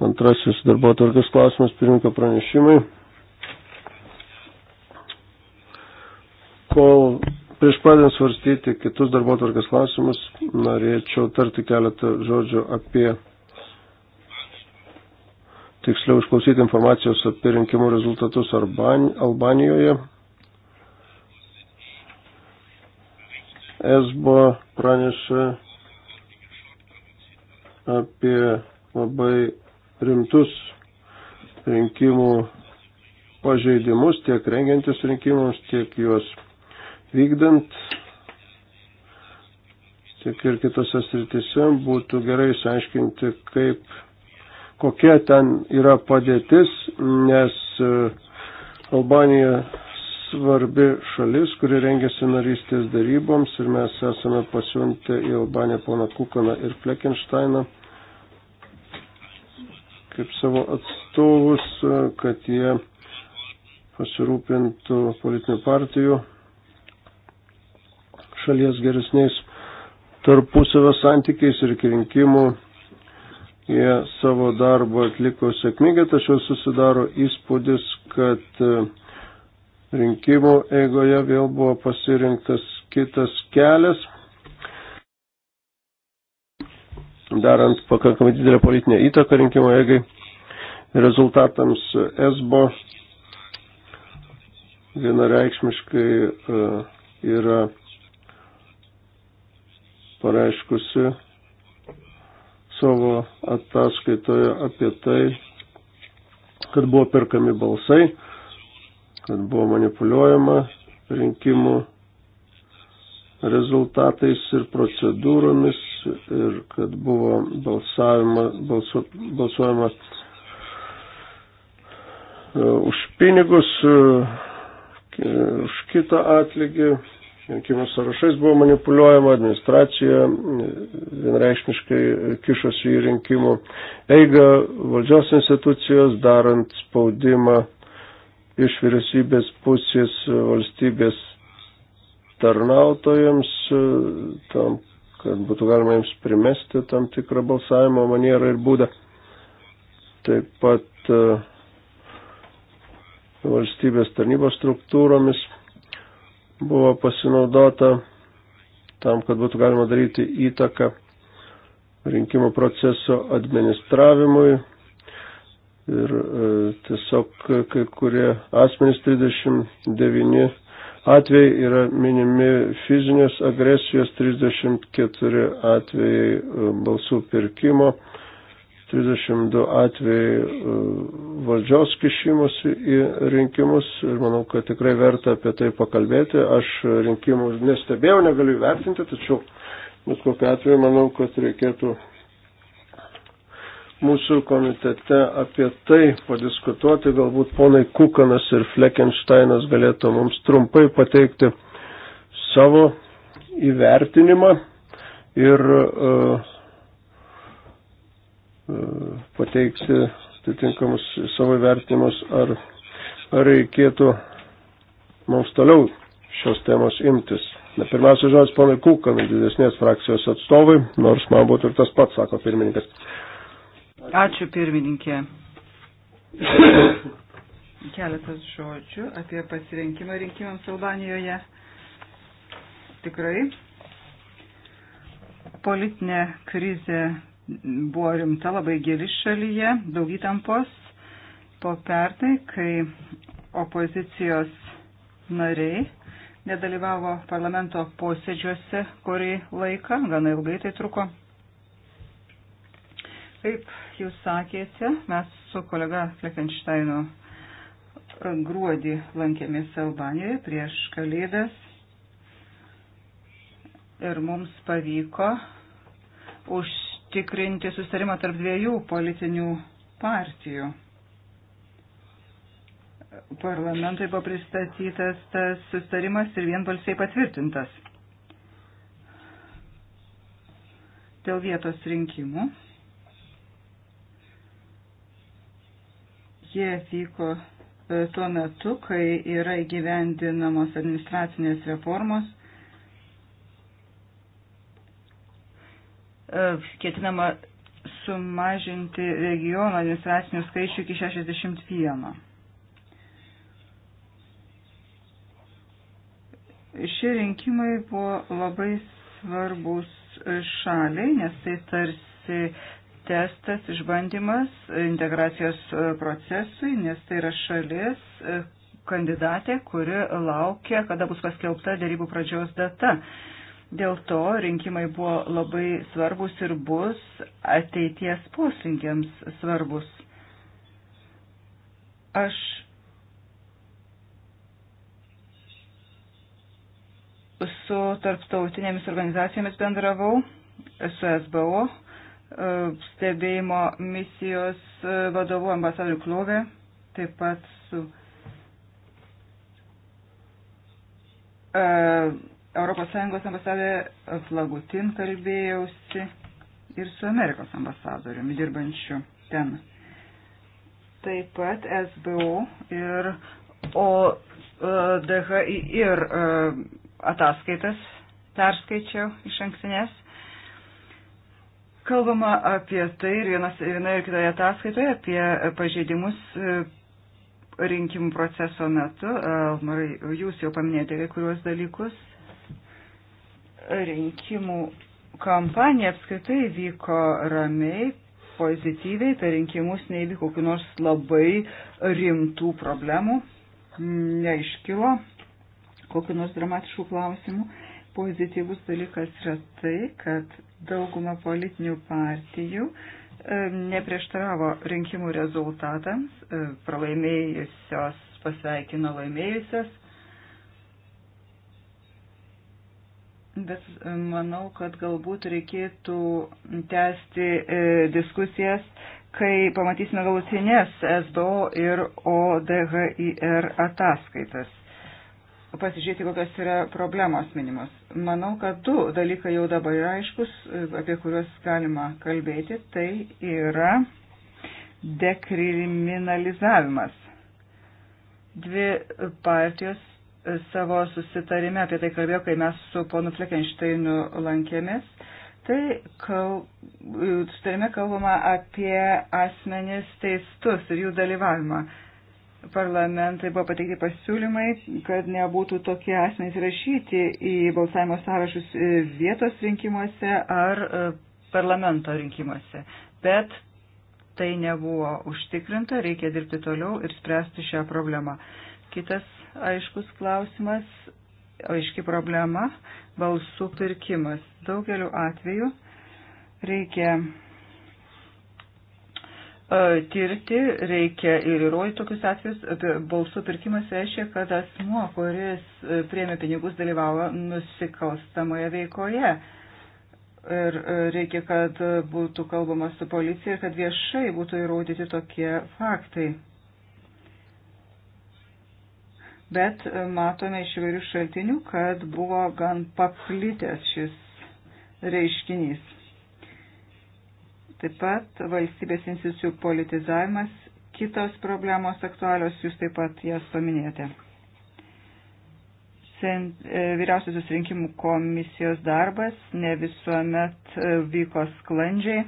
Antrasis darbo tvarkės klausimas, pirmininko pranešimai. Kol prieš pradedant svarstyti kitus darbo tvarkės klausimus, norėčiau tarti keletą žodžių apie, tiksliau išklausyti informacijos apie rinkimų rezultatus Arban, Albanijoje. Esbo pranešė apie labai rimtus rinkimų pažeidimus tiek rengiantis rinkimams, tiek juos vykdant, tiek ir kitose sritise būtų gerai išsiaiškinti, kaip, kokia ten yra padėtis, nes e, Albanija svarbi šalis, kuri rengiasi narystės daryboms ir mes esame pasiuntę į Albaniją poną Kukaną ir Fleckensteiną kaip savo atstovus, kad jie pasirūpintų politinių partijų šalies geresniais tarpusavio santykiais ir iki rinkimų jie savo darbą atliko sėkmingai, tačiau susidaro įspūdis, kad e, rinkimų eigoje vėl buvo pasirinktas kitas kelias darant pakankamai didelę politinę įtaką rinkimo jėgai rezultatams esbo vienareikšmiškai e, yra pareiškusi savo ataskaitoje apie tai, kad buvo perkami balsai, kad buvo manipuliuojama rinkimų rezultatais ir procedūromis ir kad buvo balsu, balsuojama e, už pinigus, e, už kitą atlygį, rinkimų sąrašais buvo manipuliuojama, administracija e, vienreiškiškai kišosi į rinkimų eigą, valdžios institucijos darant spaudimą iš vyriausybės pusės valstybės tarnautojams, e, tam, kad būtų galima jums primesti tam tikrą balsavimo manierą ir būdą. Taip pat e, valstybės tarnybos struktūromis buvo pasinaudota tam, kad būtų galima daryti įtaką rinkimų proceso administravimui. Ir e, tiesiog kai kurie asmenys 39 atvejai yra minimi fizinės agresijos 34 atvejai e, balsų pirkimo, 32 atvejai e, valdžios kišimusi į rinkimus ir manau, kad tikrai verta apie tai pakalbėti. Aš rinkimų nestebėjau, negaliu vertinti, tačiau bet kokiu atveju manau, kad reikėtų mūsų komitete apie tai padiskutuoti. Galbūt ponai Kukanas ir Fleckensteinas galėtų mums trumpai pateikti savo įvertinimą ir uh, e, uh, e, pateikti atitinkamus savo įvertinimus, ar, ar reikėtų mums toliau šios temos imtis. Na, pirmiausia, žodis ponai Kukanai, didesnės frakcijos atstovai, nors man būtų ir tas pats, sako pirmininkas. Uh, Ačiū pirmininkė. Keletas žodžių apie pasirinkimą rinkimams Albanijoje. Tikrai politinė krizė buvo rimta labai gili šalyje, daug įtampos po pernai, kai opozicijos nariai nedalyvavo parlamento posėdžiuose kurį laiką, gana ilgai tai truko. Kaip jūs sakėte, mes su kolega Fleckensteinu gruodį lankėmės Albanijoje prieš kalėdas ir mums pavyko užtikrinti sustarimą tarp dviejų politinių partijų. Parlamentui buvo pristatytas tas sustarimas ir vienbalsiai patvirtintas. Dėl vietos rinkimų Jie vyko e, tuo metu, kai yra įgyvendinamos administracinės reformos. E, ketinama sumažinti regiono administracinių skaičių iki 61. Šie rinkimai buvo labai svarbus šaliai, nes tai tarsi testas, išbandymas integracijos e, procesui, nes tai yra šalis e, kandidatė, kuri laukia, kada bus paskelbta dėrybų pradžios data. Dėl to rinkimai buvo labai svarbus ir bus ateities poslinkiams svarbus. Aš su tarptautinėmis organizacijomis bendravau, su SBO E, stebėjimo misijos e, vadovu ambasadoriu Klovė, taip pat su ES ambasadė Flagutin e, kalbėjausi ir su Amerikos ambasadoriumi dirbančiu ten. Taip pat SBO ir ODHI ir ataskaitas perskaičiau iš ankstinės Kalbama apie tai ir vienoje ir kitoje ataskaitoje apie pažeidimus e, rinkimų proceso metu. E, Marai, jūs jau paminėjote kai kuriuos dalykus. Rinkimų kampanija apskritai vyko ramiai, pozityviai, per rinkimus neįvyko kokių nors labai rimtų problemų, neiškilo kokių nors dramatiškų klausimų. Uh, Pozityvus dalykas yra tai, kad dauguma politinių partijų e, neprieštaravo rinkimų rezultatams, e, pralaimėjusios pasveikino laimėjusias. Bet e, manau, kad galbūt reikėtų tęsti e, diskusijas, kai pamatysime galutinės SDO ir ODHIR ataskaitas pasižiūrėti, kokios yra problemos minimos. Manau, kad du dalykai jau dabar yra aiškus, apie kuriuos galima kalbėti, tai yra dekriminalizavimas. Dvi partijos savo susitarime apie tai kalbėjo, kai mes su ponu Fleckensteinu lankėmės. Tai kal, susitarime kalbama apie asmenis teistus ir jų dalyvavimą parlamentai buvo pateikti pasiūlymai, kad nebūtų tokie asmenys rašyti į balsavimo sąrašus e, vietos rinkimuose ar e, parlamento rinkimuose. Bet tai nebuvo užtikrinta, reikia dirbti toliau ir spręsti šią problemą. Kitas aiškus klausimas, aiški problema - balsų pirkimas. Daugeliu atveju reikia tirti, reikia ir įrodyti tokius atvejus. Balsų pirkimas reiškia, kad asmuo, kuris priemė pinigus, dalyvavo nusikalstamoje veikoje. Ir reikia, kad būtų kalbama su policija ir kad viešai būtų įrodyti tokie faktai. Bet matome iš įvairių šaltinių, kad buvo gan paplitęs šis reiškinys. Taip pat valstybės institucijų politizavimas, kitos problemos aktualios, jūs taip pat jas paminėjote. E, Vyriausiosios rinkimų komisijos darbas ne visuomet e, vyko sklandžiai.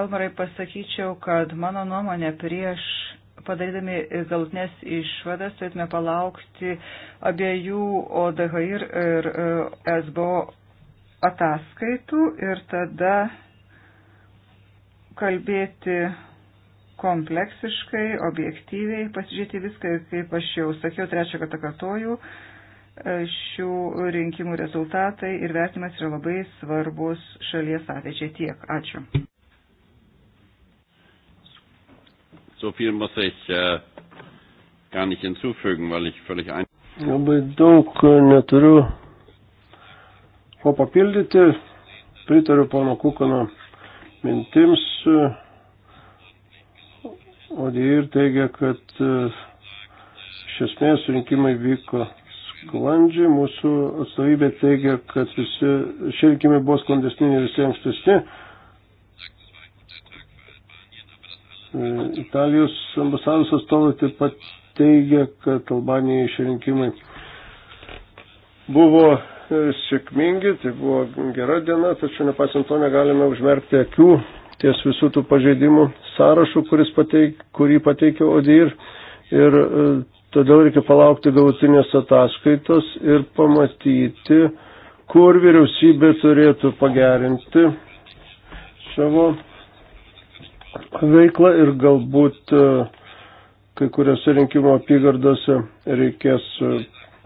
Almarai pasakyčiau, kad mano nuomonė prieš padarydami galutinės išvadas turėtume palaukti abiejų ODH ir, ir e, SBO ataskaitų ir tada kalbėti kompleksiškai, objektyviai, pasižiūrėti viską, kaip aš jau sakiau, trečią kartą kartoju, e, šių rinkimų rezultatai ir vertimas yra labai svarbus šalies ateičiai tiek. Ačiū. So viel muss ich äh, gar nicht hinzufügen, weil ich völlig ein. Labai daug äh, neturiu kuo papildyti. Pritariu pono Kukano mintims. Odėjir teigia, kad iš esmės rinkimai vyko sklandžiai. Mūsų atstovybė teigia, kad visi, šie rinkimai buvo sklandesni nei visi ankstesni. Italijos ambasados atstovai taip pat teigia, kad Albanijai išrinkimai buvo sėkmingi, tai buvo gera diena, tačiau nepaisant to negalime užmerkti akių ties visų tų pažeidimų sąrašų, pateik, kurį pateikė ODIR. Ir e, todėl reikia palaukti galutinės ataskaitos ir pamatyti, kur vyriausybė turėtų pagerinti savo veiklą ir galbūt e, kai kuriuose rinkimo apygardose reikės e,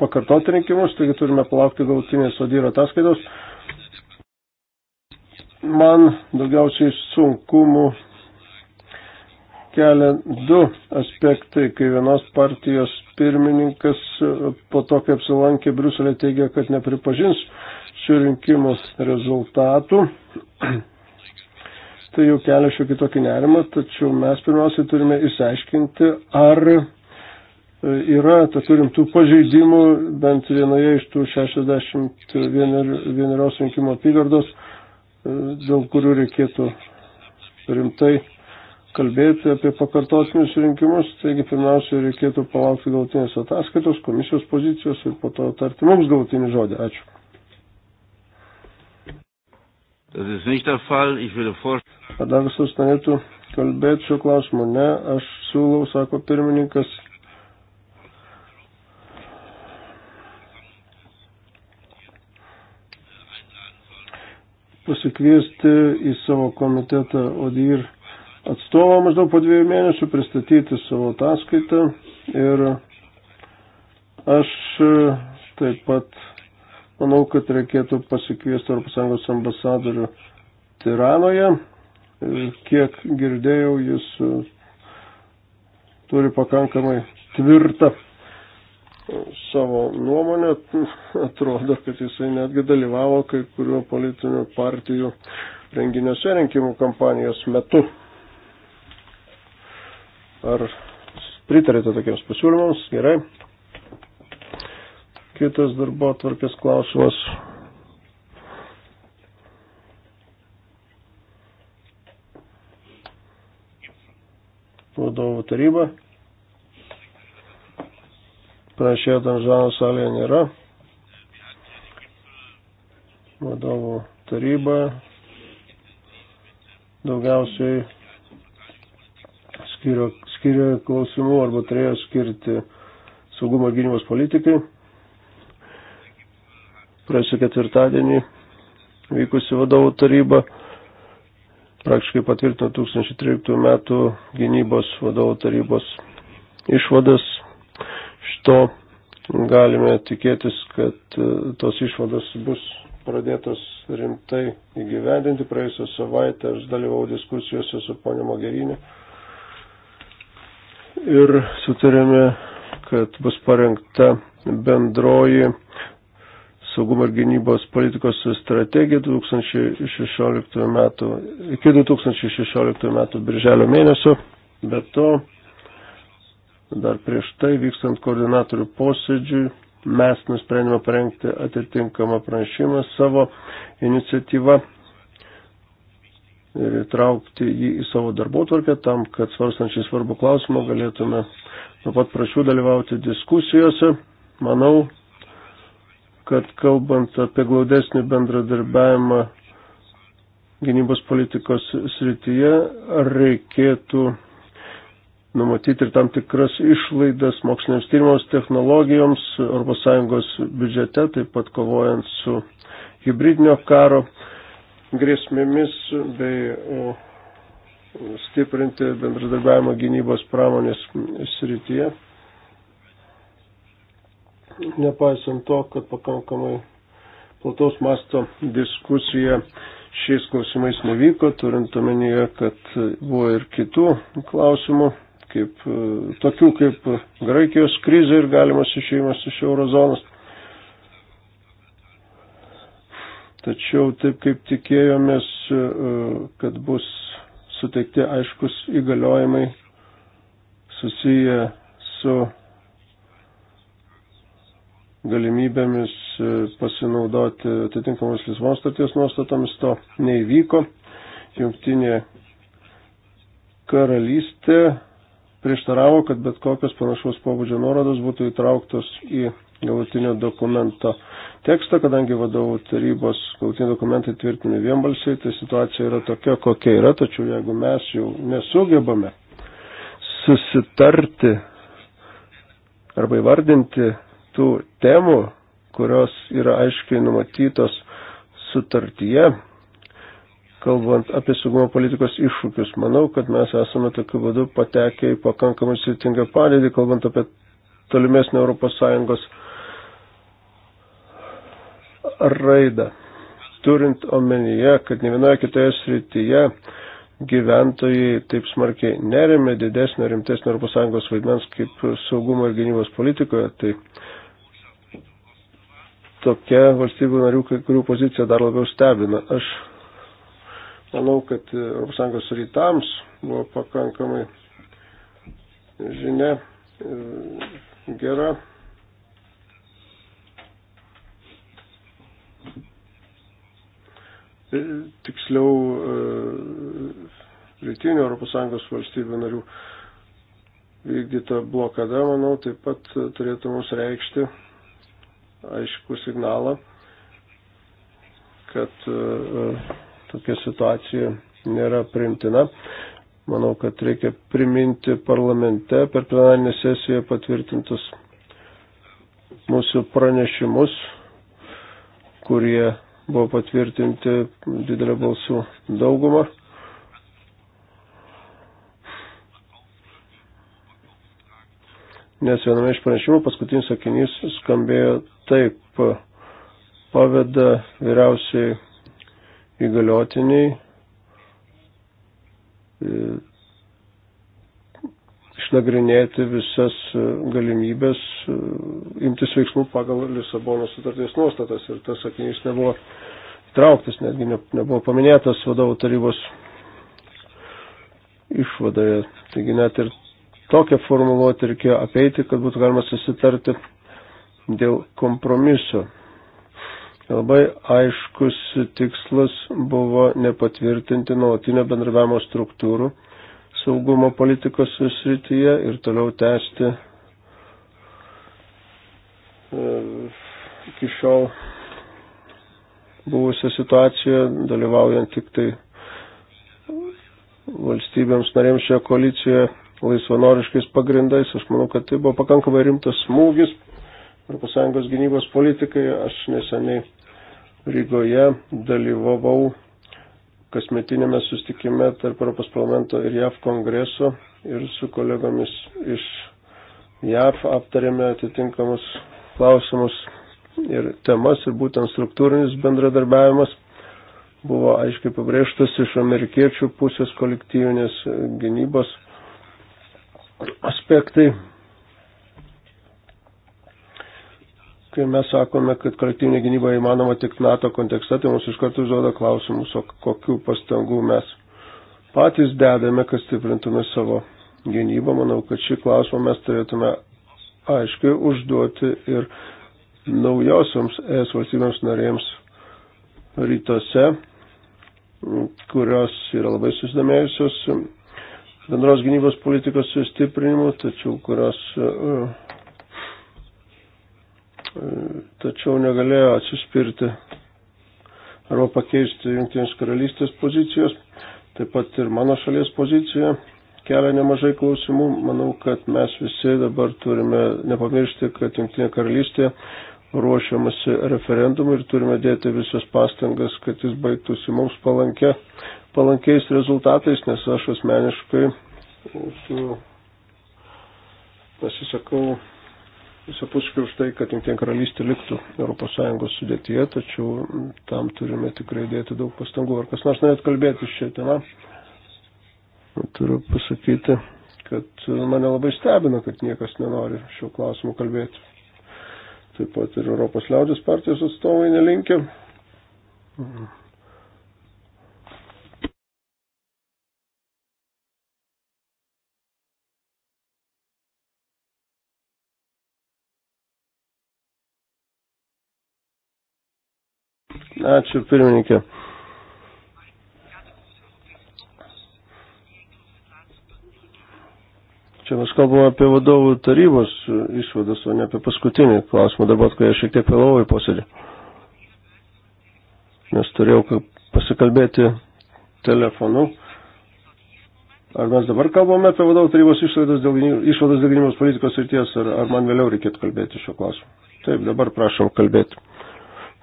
pakartoti rinkimus, taigi turime palaukti galutinės sodyro ataskaitos. Man daugiausiai sunkumų kelia du aspektai, kai vienos partijos pirmininkas po to, kai apsilankė Bruselė, teigia, kad nepripažins surinkimo rezultatų. Tai jau kelia šiokį tokį nerimą, tačiau mes pirmiausiai turime išsiaiškinti, ar yra tokių rimtų pažeidimų bent vienoje iš tų 61 rinkimo apygardos, e, dėl kurių reikėtų rimtai kalbėti apie pakartotinius rinkimus. Taigi pirmiausia, reikėtų palaukti galutinės ataskaitos, komisijos pozicijos ir po to tarti mums galutinį žodį. Ačiū. Ar dar visus norėtų kalbėti šiuo klausimu? Ne, aš siūlau, sako pirmininkas, pasikviesti į savo komitetą ODIR atstovą maždaug po dviejų mėnesių, pristatyti savo ataskaitą ir aš taip pat manau, kad reikėtų pasikviesti ES ambasadorių Tiranoje. Kiek girdėjau, jis turi pakankamai tvirtą savo nuomonę, atrodo, kad jisai netgi dalyvavo kai kurių politinių partijų renginiuose rinkimų kampanijos metu. Ar pritarėte tokiems pasiūlymams? Gerai. Kitas darbo tvarkės klausimas. Vadovų taryba. Pranešėjo Danžano salėje nėra. Vadovų taryba daugiausiai skiria, skiria klausimų arba turėjo skirti saugumo gynybos politikai. Praėjusią ketvirtadienį vykusi vadovų taryba praktiškai patvirtino 2013 metų gynybos vadovų tarybos išvadas Iš to galime tikėtis, kad e, tos išvados bus pradėtos rimtai įgyvendinti. Praėjusią savaitę aš dalyvau diskusijose su ponio Mogerinė ir sutarėme, kad bus parengta bendroji saugumo ir gynybos politikos strategija 2016 metų, iki 2016 metų birželio mėnesio. Be to, Dar prieš tai vykstant koordinatorių posėdžiui mes nusprendėme parengti atitinkamą pranešimą savo iniciatyvą ir įtraukti jį į savo darbotvarkę tam, kad svarstančiai svarbu klausimą galėtume nuo pat prašių dalyvauti diskusijose. Manau, kad kalbant apie glaudesnį bendradarbiavimą gynybos politikos srityje, reikėtų numatyti ir tam tikras išlaidas moksliniams tyrimams, technologijoms, ES biudžete, taip pat kovojant su hybridinio karo grėsmėmis bei stiprinti bendradarbiavimą gynybos pramonės srityje. Nepaisant to, kad pakankamai plataus masto diskusija šiais klausimais nevyko, turint omenyje, kad buvo ir kitų klausimų kaip, e, tokių kaip Graikijos krizė ir galimas išėjimas iš eurozonos. Tačiau taip kaip tikėjomės, e, kad bus suteikti aiškus įgaliojimai susiję su galimybėmis e, pasinaudoti atitinkamos Lisbon starties nuostatomis, to neįvyko. Jungtinė karalystė prieštaravo, kad bet kokios parašos pobūdžio nuorodos būtų įtrauktos į galutinio dokumento tekstą, kadangi vadovų tarybos galutiniai dokumentai tvirtinami vienbalsiai, tai situacija yra tokia, kokia yra, tačiau jeigu mes jau nesugebame susitarti arba įvardinti tų temų, kurios yra aiškiai numatytos sutartyje, kalbant apie saugumo politikos iššūkius. Manau, kad mes esame tokiu būdu patekę į pakankamai sėtingą padėtį, kalbant apie tolimesnį ES raidą. Turint omenyje, kad ne vienoje kitoje srityje gyventojai taip smarkiai neremia didesnio rimtesnio ES vaidmens kaip saugumo ir gynybos politikoje, tai tokia valstybių narių kai kurių pozicija dar labiau stebina. Aš Manau, kad ES rytams buvo pakankamai žinia e, gera. E, tiksliau, e, rytinių ES valstybių narių vykdyta blokada, manau, taip pat turėtų mums reikšti aišku signalą, kad uh, tokia situacija nėra primtina. Manau, kad reikia priminti parlamente per plenarinę sesiją patvirtintus mūsų pranešimus, kurie buvo patvirtinti didelę balsų daugumą. Nes viename iš pranešimų paskutinis sakinys skambėjo taip, paveda vyriausiai įgaliotiniai išnagrinėti visas e, galimybės e, imtis veiksmų pagal Lisabono sutarties nuostatas ir tas sakinys nebuvo įtrauktas, netgi ne, nebuvo paminėtas vadovų tarybos išvadoje. Taigi net ir tokią formuluotę reikėjo apeiti, kad būtų galima susitarti dėl kompromiso. Labai aiškus tikslas buvo nepatvirtinti nuolatinio bendravimo struktūrų saugumo politikos srityje ir toliau tęsti e, iki šiol buvusią situaciją, dalyvaujant tik tai valstybėms narėms šioje koalicijoje laisvanoriškais pagrindais. Aš manau, kad tai buvo pakankamai rimtas smūgis ES gynybos politikai. Aš neseniai Rygoje dalyvavau kasmetinėme sustikime tarp Europos parlamento ir JAV kongreso ir su kolegomis iš JAV aptarėme atitinkamus klausimus ir temas ir būtent struktūrinis bendradarbiavimas buvo aiškiai pabrėžtas iš amerikiečių pusės kolektyvinės gynybos aspektai Kai mes sakome, kad kolektyvinė gynyba įmanoma tik NATO kontekste, tai mums iš karto užduoda klausimus, o kokių pastangų mes patys dedame, kad stiprintume savo gynybą. Manau, kad šį klausimą mes turėtume aiškiai užduoti ir naujosioms ES valstybėms narėms rytuose, kurios yra labai susidomėjusios bendros gynybos politikos sustiprinimu, tačiau kurios tačiau negalėjo atsispirti arba pakeisti Junktinės karalystės pozicijos. Taip pat ir mano šalies pozicija kelia nemažai klausimų. Manau, kad mes visi dabar turime nepamiršti, kad Junktinė karalystė ruošiamasi referendumui ir turime dėti visas pastangas, kad jis baigtųsi mums palankia, palankiais rezultatais, nes aš asmeniškai su, pasisakau visapuškai už tai, kad Junktinė karalystė liktų ES sudėtyje, tačiau tam turime tikrai dėti daug pastangų. Ar kas nors norėtų kalbėti šią temą? Turiu pasakyti, kad mane labai stebina, kad niekas nenori šiuo klausimu kalbėti. Taip pat ir Europos liaudės partijos atstovai nelinkia. Mhm. Ačiū pirmininkė. Čia mes kalbame apie vadovų tarybos išvadas, o ne apie paskutinį klausimą, dabar, kai aš šiek tiek vėlavau į posėdį. Nes turėjau pasikalbėti telefonu. Ar mes dabar kalbame apie vadovų tarybos išvadas dėl, išvadas dėl gynybos politikos srities, ar, ar man vėliau reikėtų kalbėti šio klausimu? Taip, dabar prašom kalbėti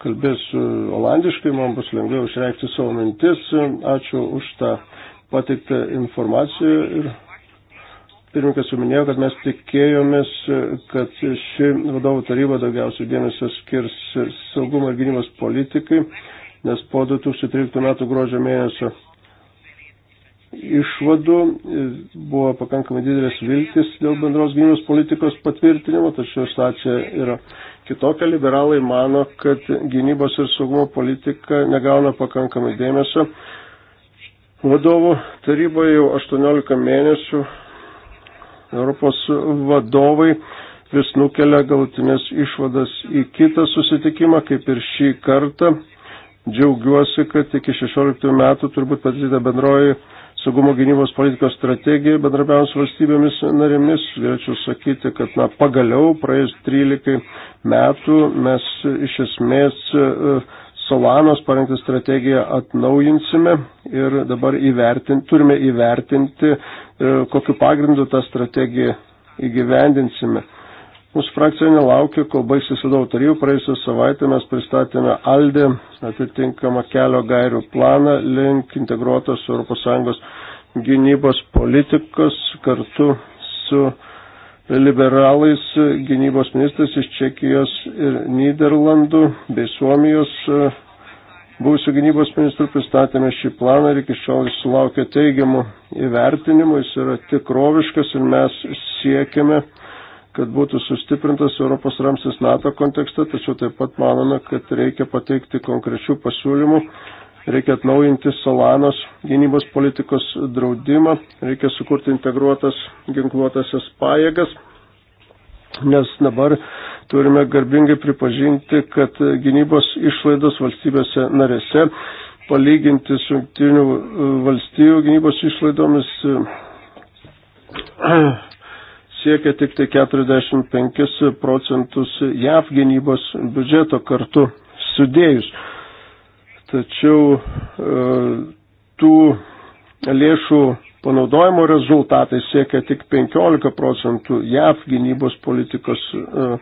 kalbėsiu e, olandiškai, man bus lengviau išreikšti savo mintis. Ačiū už tą pateiktą informaciją ir pirmininkas jau minėjo, kad mes tikėjomės, kad ši vadovų taryba daugiausiai dėmesio skirs saugumo ir gynybos politikai, nes po 2013 metų gruodžio mėnesio išvadų buvo pakankamai didelės viltis dėl bendros gynybos politikos patvirtinimo, tačiau situacija yra Kitokia liberalai mano, kad gynybos ir saugumo politika negauna pakankamai dėmesio. Vadovų taryboje jau 18 mėnesių Europos vadovai vis nukelia galutinės išvadas į kitą susitikimą, kaip ir šį kartą. Džiaugiuosi, kad iki 16 metų turbūt padaryta bendroji saugumo gynybos politikos strategiją bendrabiaus valstybėmis narėmis. Galėčiau sakyti, kad na, pagaliau praėjus 13 metų mes iš esmės e, Solanos parengtą strategiją atnaujinsime ir dabar įvertin, turime įvertinti, e, kokiu pagrindu tą strategiją įgyvendinsime. Mūsų frakcija nelaukia, kol baigsis vadovų tarybų. Praėjusią savaitę mes pristatėme ALDE atitinkamą kelio gairių planą link integruotos ES gynybos politikos kartu su liberalais gynybos ministras iš Čekijos ir Niderlandų bei Suomijos e, Buvusių gynybos ministrų pristatėme šį planą ir iki šiol jis sulaukė teigiamų įvertinimų, jis yra tikroviškas ir mes siekiame uh, kad būtų sustiprintas Europos ramsis NATO kontekste, tačiau taip pat manome, kad reikia pateikti konkrečių pasiūlymų, reikia atnaujinti Solanos gynybos politikos draudimą, reikia sukurti integruotas ginkluotasias pajėgas, nes dabar turime garbingai pripažinti, kad gynybos išlaidos valstybėse narėse palyginti su jungtinių valstybių gynybos išlaidomis siekia tik tai 45 procentus JAV gynybos biudžeto kartu sudėjus. Tačiau e, tų lėšų panaudojimo rezultatai siekia tik 15 procentų JAV gynybos politikos uh,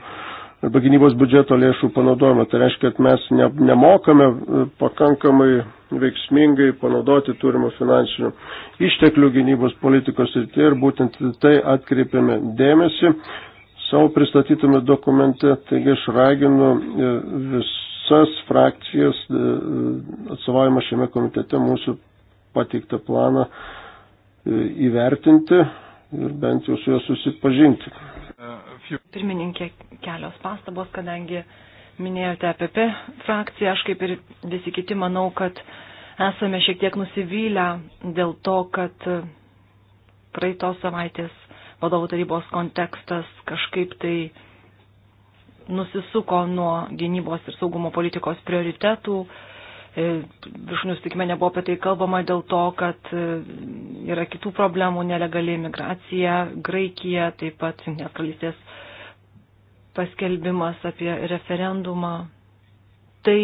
arba gynybos biudžeto lėšų panaudojimą. Tai reiškia, kad mes ne, nemokame e, pakankamai veiksmingai panaudoti turimų finansinių išteklių gynybos politikos rytyje ir būtent tai atkreipiame dėmesį savo pristatytame dokumente. Taigi aš raginu e, visas frakcijas e, atsovavimą šiame komitete mūsų pateiktą planą įvertinti ir bent jau su juo susipažinti. Pirmininkė, kelios pastabos, kadangi minėjote apie P frakciją, aš kaip ir visi kiti manau, kad esame šiek tiek nusivylę dėl to, kad praeitos savaitės vadovų tarybos kontekstas kažkaip tai nusisuko nuo gynybos ir saugumo politikos prioritetų. E, Viršūnių sutikime nebuvo apie tai kalbama dėl to, kad e, yra kitų problemų - nelegali migracija, Graikija, taip pat Junktinės karalystės paskelbimas apie referendumą, tai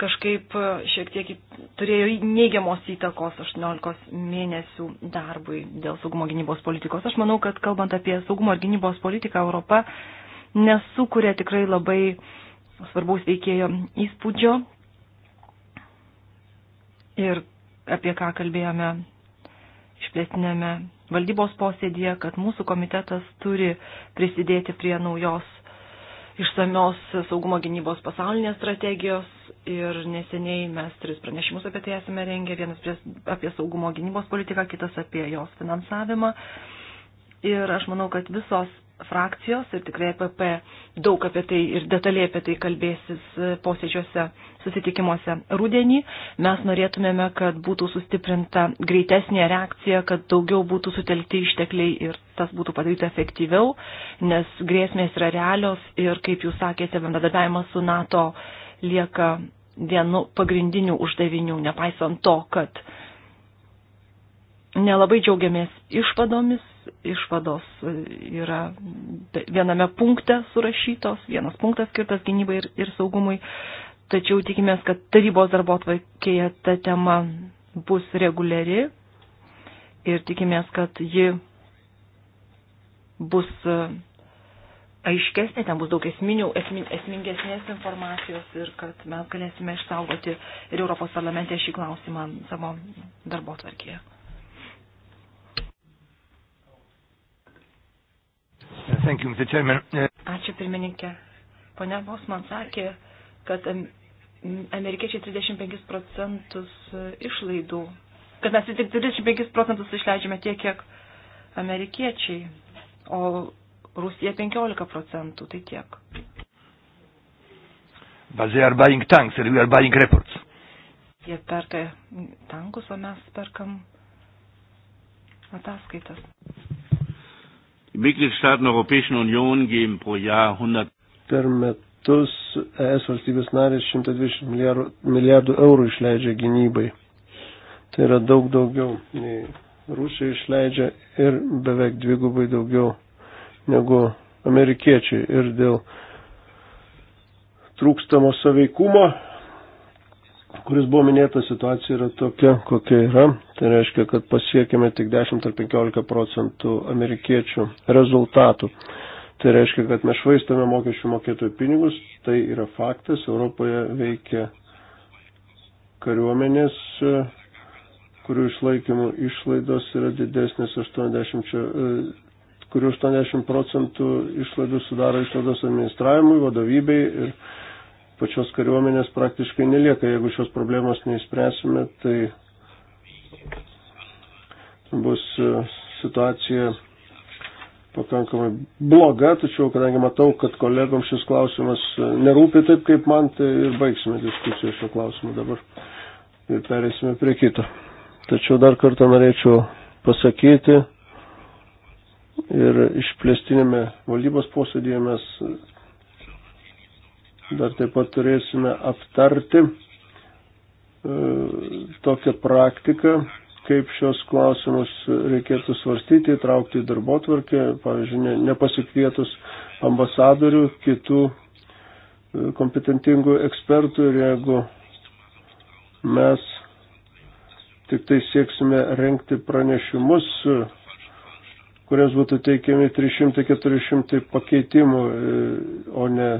kažkaip šiek tiek turėjo neigiamos įtakos 18 mėnesių darbui dėl saugumo gynybos politikos. Aš manau, kad kalbant apie saugumo ir gynybos politiką, Europa nesukuria tikrai labai svarbaus veikėjo įspūdžio. Ir apie ką kalbėjome išplėstinėme valdybos posėdėje, kad mūsų komitetas turi prisidėti prie naujos išsamios saugumo gynybos pasaulinės strategijos ir neseniai mes tris pranešimus apie tai esame rengę, vienas apie saugumo gynybos politiką, kitas apie jos finansavimą. Ir aš manau, kad visos frakcijos ir tikrai PP daug apie tai ir detaliai apie tai kalbėsis e, posėdžiuose, susitikimuose rūdienį. Mes norėtumėme, kad būtų sustiprinta greitesnė reakcija, kad daugiau būtų sutelkti ištekliai ir tas būtų padaryta efektyviau, nes grėsmės yra realios ir, kaip jūs sakėte, bendradarbiavimas su NATO lieka vienu pagrindiniu uždaviniu, nepaisant to, kad nelabai džiaugiamės išvadomis išvados yra tai viename punkte surašytos, vienas punktas skirtas gynybai ir, ir saugumui, tačiau tikimės, kad tarybos darbo atvarkėje ta tema bus reguliari ir tikimės, kad ji bus e, aiškesnė, ten bus daug esminių, esmin, esmingesnės informacijos ir kad mes galėsime išsaugoti ir Europos parlamente šį klausimą savo darbo tvarkėje. Thank you, Mr. Chairman. Ačiū pirmininkė. Pone Bosman sakė, kad amerikiečiai 35 procentus e, išlaidų, kad mes tik 35 procentus išleidžiame tiek, kiek amerikiečiai, o Rusija 15 procentų, tai tiek. But they are buying tanks and we are buying reports. Jie perka tankus, o mes perkam ataskaitas. Die Mitgliedstaaten der Europäischen Union geben pro Jahr 100 per metus ES valstybės narės 120 milijardų, milijardų eurų išleidžia gynybai. Tai yra daug daugiau nei Rusija išleidžia ir beveik dvigubai daugiau negu amerikiečiai. Ir dėl trūkstamo saveikumo kuris buvo minėtas, situacija yra tokia, kokia yra. Tai reiškia, kad pasiekime tik 10 ar 15 procentų amerikiečių rezultatų. Tai reiškia, kad mes švaistame mokesčių mokėtojų pinigus, tai yra faktas, Europoje veikia kariuomenės, kurių išlaikymų išlaidos yra didesnės 80, e, kurių 80 procentų išlaidų sudaro išlaidos administravimui, vadovybei ir pačios kariuomenės praktiškai nelieka. Jeigu šios problemos neįspręsime, tai bus e, situacija pakankamai bloga, tačiau kadangi matau, kad kolegom šis klausimas e, nerūpi taip kaip man, tai ir baigsime diskusiją šio klausimu dabar ir perėsime prie kito. Tačiau dar kartą norėčiau pasakyti ir išplėstinėme valdybos posėdėje mes Dar taip pat turėsime aptarti e, tokią praktiką, kaip šios klausimus reikėtų svarstyti, įtraukti į darbo tvarkę, pavyzdžiui, nepasikvietus ambasadorių, kitų e, kompetentingų ekspertų ir jeigu mes tik tai sieksime renkti pranešimus, kuriems būtų teikiami 300-400 pakeitimų, e, o ne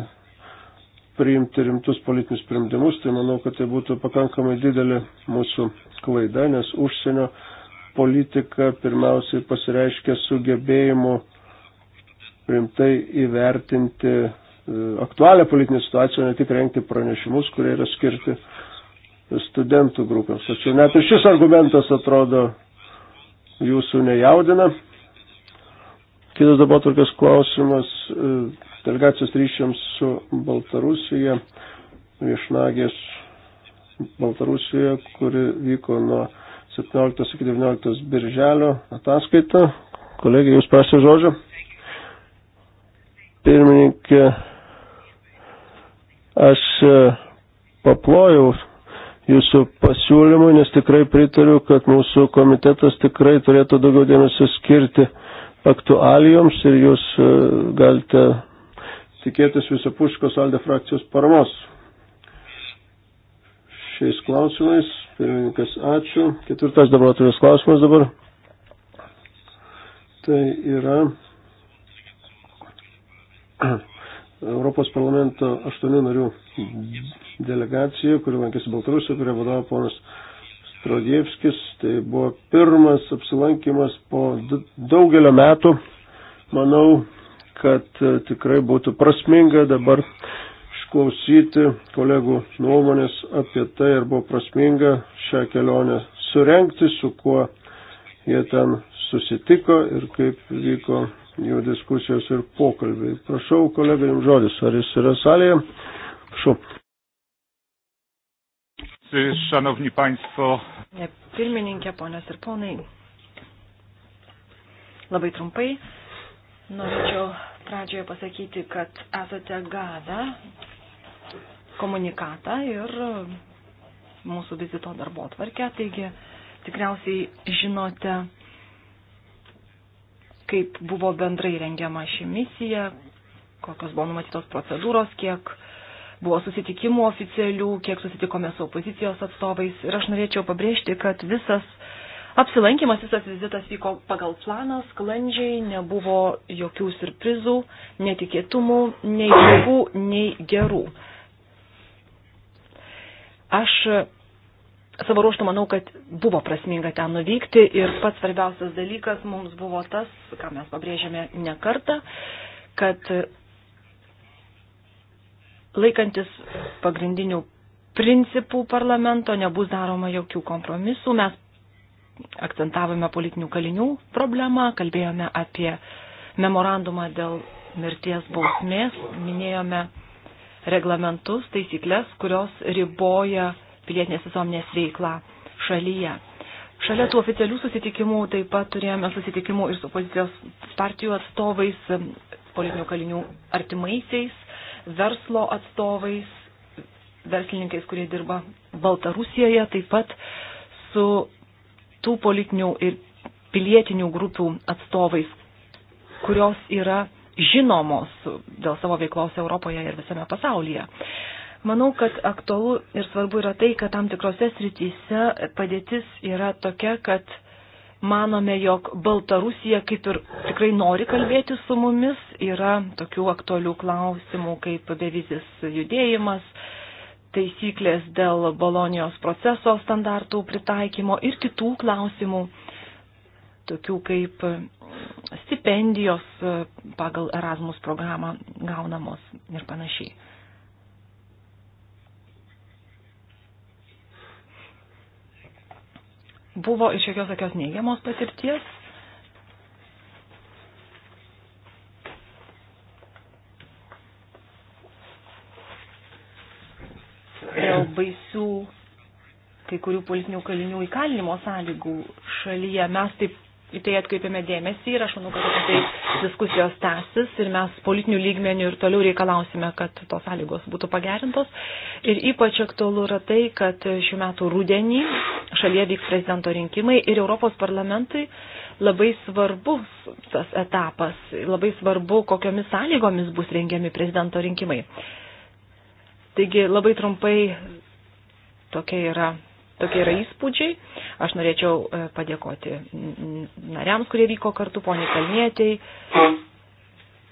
priimti rimtus politinius sprendimus, tai manau, kad tai būtų pakankamai didelė mūsų klaida, nes užsienio politika pirmiausiai pasireiškia sugebėjimu rimtai įvertinti e, aktualią politinę situaciją, ne tik renkti pranešimus, kurie yra skirti studentų grupėms. Tačiau net ir šis argumentas atrodo jūsų nejaudina. Kitas dabar tokias klausimas e, delegacijos ryšiams su Baltarusija, viešnagės Baltarusija, kuri vyko nuo 17 iki 19 birželio ataskaita. Kolegė, jūs prašė žodžio. Pirmininkė, aš e, paplojau jūsų pasiūlymui, nes tikrai pritariu, kad mūsų komitetas tikrai turėtų daugiau dėmesio skirti uh, aktualijoms ir jūs e, galite tikėtis visapuškos Alde frakcijos paramos. Šiais klausimais, pirmininkas, ačiū. Ketvirtas dabar turės klausimas dabar. Tai yra Europos parlamento aštuonių narių delegacija, kuri lankėsi Baltarusijoje, kurie vadovavo ponas Strodievskis. Tai buvo pirmas apsilankimas po daugelio metų. Manau, kad e, tikrai būtų prasminga dabar išklausyti kolegų nuomonės apie tai ir buvo prasminga šią kelionę surenkti, su kuo jie ten susitiko ir kaip vyko jų diskusijos ir pokalbiai. Prašau, kolega, jums žodis, ar jis yra salėje? Prašau. Szanowni Państwo. Pirmininkė, ponios ir ponai. Labai trumpai norėčiau pradžioje pasakyti, kad esate gavę komunikatą ir mūsų vizito darbo tvarkę, taigi tikriausiai žinote, kaip buvo bendrai rengiama ši misija, kokios buvo numatytos procedūros, kiek Buvo susitikimų oficialių, kiek susitikome su opozicijos atstovais. Ir aš norėčiau pabrėžti, kad visas apsilankimas, visas vizitas vyko pagal planą, sklandžiai, nebuvo jokių surprizų, netikėtumų, nei blogų, nei gerų. Aš savo ruoštų manau, kad buvo prasminga ten nuvykti ir pats svarbiausias dalykas mums buvo tas, ką mes pabrėžėme ne kartą, kad laikantis pagrindinių principų parlamento nebus daroma jokių kompromisų. Mes akcentavome politinių kalinių problemą, kalbėjome apie memorandumą dėl mirties bausmės, minėjome reglamentus, taisyklės, kurios riboja pilietinės visuomenės veiklą šalyje. Šalia tų oficialių susitikimų taip pat turėjome susitikimų ir su pozicijos partijų atstovais, politinių kalinių artimaisiais, verslo atstovais, verslininkais, kurie dirba Baltarusijoje, taip pat su tų politinių ir pilietinių grupių atstovais, kurios yra žinomos dėl savo veiklos Europoje ir visame pasaulyje. Manau, kad aktualu ir svarbu yra tai, kad tam tikrose srityse padėtis yra tokia, kad manome, jog Baltarusija kaip ir tikrai nori kalbėti su mumis, yra tokių aktualių klausimų kaip bevizis judėjimas, taisyklės dėl Bolonijos proceso standartų pritaikymo ir kitų klausimų, tokių kaip stipendijos pagal Erasmus programą gaunamos ir panašiai. buvo iš jokios tokios neigiamos patirties. Dėl baisių kai kurių politinių kalinių įkalinimo sąlygų šalyje mes taip į tai atkreipiame dėmesį ir aš manau, kad apie tai diskusijos tęsis ir mes politinių lygmenių ir toliau reikalausime, kad tos sąlygos būtų pagerintos. Ir ypač aktualu yra tai, kad šiuo metu rudenį šalyje vyks prezidento rinkimai ir Europos parlamentui labai svarbus tas etapas, labai svarbu, kokiomis sąlygomis bus rengiami prezidento rinkimai. Taigi labai trumpai tokia yra. Tokie yra įspūdžiai. Aš norėčiau e, padėkoti nariams, kurie vyko kartu, poniai Kalnietėjai,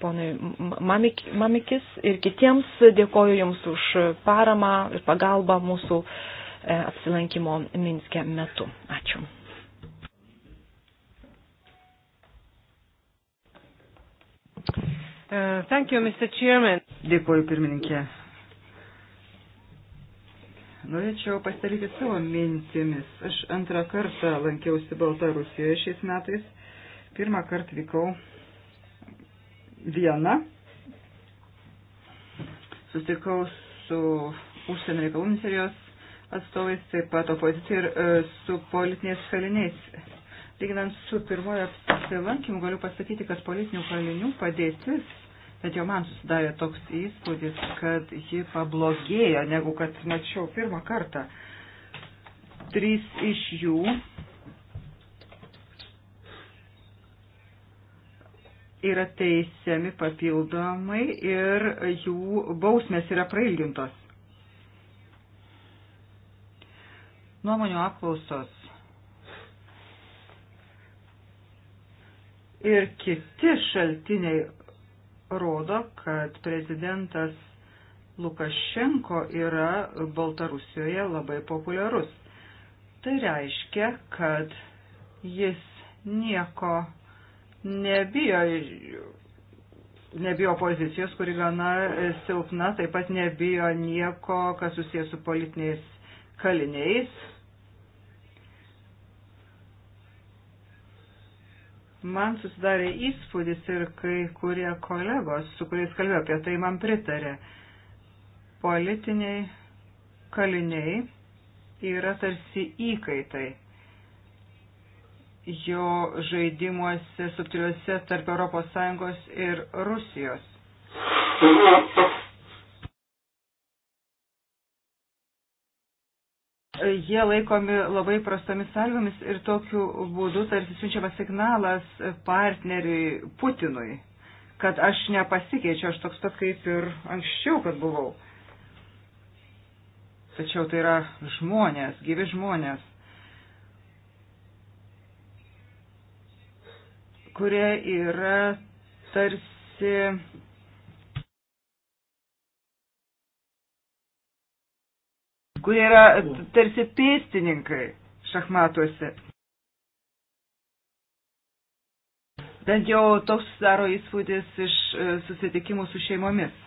ponui Mamikis ir kitiems. Dėkoju Jums už paramą ir pagalbą mūsų uh, E, apsilankimo Minske metu. Ačiū. Uh, thank you, Mr. Chairman. Dėkuoju, pirmininkė. Norėčiau pasidaryti savo mintimis. Aš antrą kartą lankiausi Baltarusijoje šiais metais. Pirmą kartą vykau viena. Susitikau su užsienio reikalų ministerijos atstovais, taip pat opozicija ir e, su politiniais kaliniais. Lyginant su pirmojo apsilankimu, galiu pasakyti, kad politinių kalinių padėtis, bet jau man susidarė toks įspūdis, kad ji pablogėjo, negu kad mačiau pirmą kartą. Trys iš jų yra teisiami papildomai ir jų bausmės yra prailgintos nuomonių apklausos ir kiti šaltiniai rodo, kad prezidentas Lukašenko yra Baltarusijoje labai populiarus. Tai reiškia, kad jis nieko nebijo, nebijo pozicijos, kuri gana silpna, taip pat nebijo nieko, kas susijęs su politiniais kaliniais, Man susidarė įspūdis ir kai kurie kolegos, su kuriais kalbėjau apie tai, man pritarė. Politiniai kaliniai yra tarsi įkaitai jo žaidimuose subtiliuose tarp ES ir Rusijos. jie laikomi labai prastomis sąlygomis ir tokiu būdu tarsi siunčiamas signalas partneriui Putinui, kad aš nepasikeičiau, aš toks pat kaip ir anksčiau, kad buvau. Tačiau tai yra žmonės, gyvi žmonės, kurie yra tarsi kurie yra tarsi pėstininkai šachmatuose. Bent jau toks daro įspūdis iš e, susitikimų su šeimomis.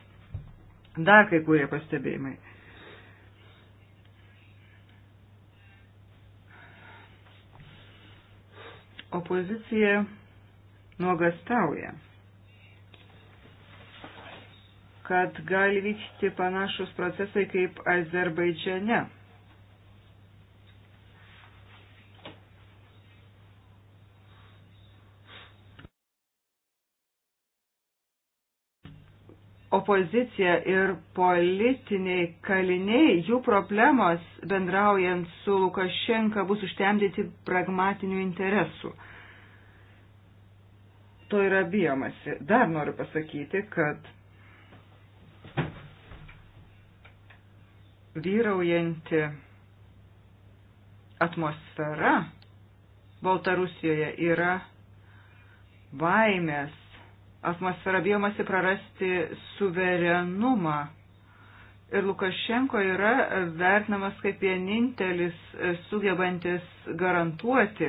Dar kai kurie pastebėjimai. Opozicija nuogastauja kad gali vykti panašus procesai kaip Azerbaidžiane. opozicija ir politiniai kaliniai, jų problemos bendraujant su Lukašenka bus užtemdyti pragmatinių interesų. To yra bijomasi. Dar noriu pasakyti, kad vyraujanti atmosfera Baltarusijoje yra baimės atmosfera, bijomasi prarasti suverenumą. Ir Lukašenko yra vertinamas kaip vienintelis sugebantis garantuoti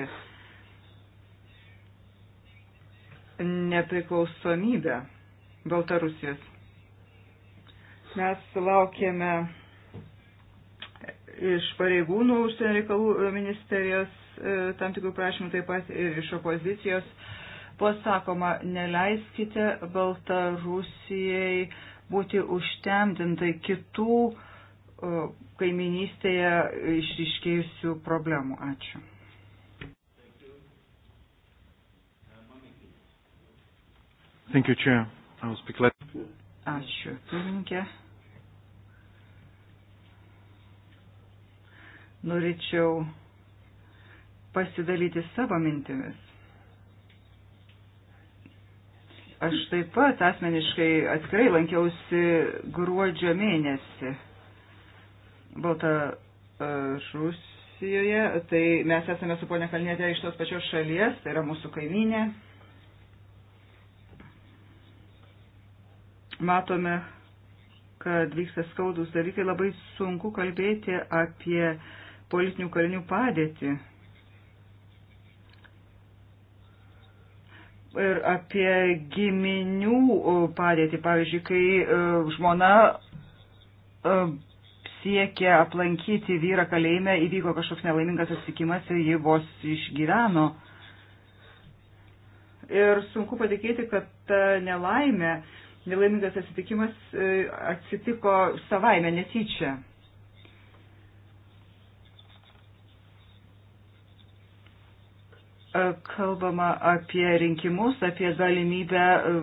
nepriklausomybę Baltarusijos. Mes sulaukėme iš pareigūnų užsienio reikalų e, ministerijos e, tam tikrų prašymų, taip pat ir iš opozicijos. Buvo sakoma, neleiskite Baltarusijai būti užtemdintai kitų e, kaiminystėje išriškėjusių problemų. Ačiū. Thank you, Chair. I will speak later. Ačiū, pirmininkė. norėčiau pasidalyti savo mintimis. Aš taip pat asmeniškai atskirai lankiausi gruodžio mėnesį Baltarusijoje. Tai mes esame su ponia Kalnėte iš tos pačios šalies, tai yra mūsų kaiminė. Matome, kad vyksta skaudus dalykai, labai sunku kalbėti apie uh, politinių kalinių padėtį. Ir apie giminių padėtį, pavyzdžiui, kai e, žmona e, siekia aplankyti vyrą kalėjime, įvyko kažkoks nelaimingas atsitikimas ir ji vos išgyveno. Ir sunku patikėti, kad ta nelaimė, nelaimingas atsitikimas e, atsitiko savaime netyčia. kalbama apie rinkimus, apie galimybę e,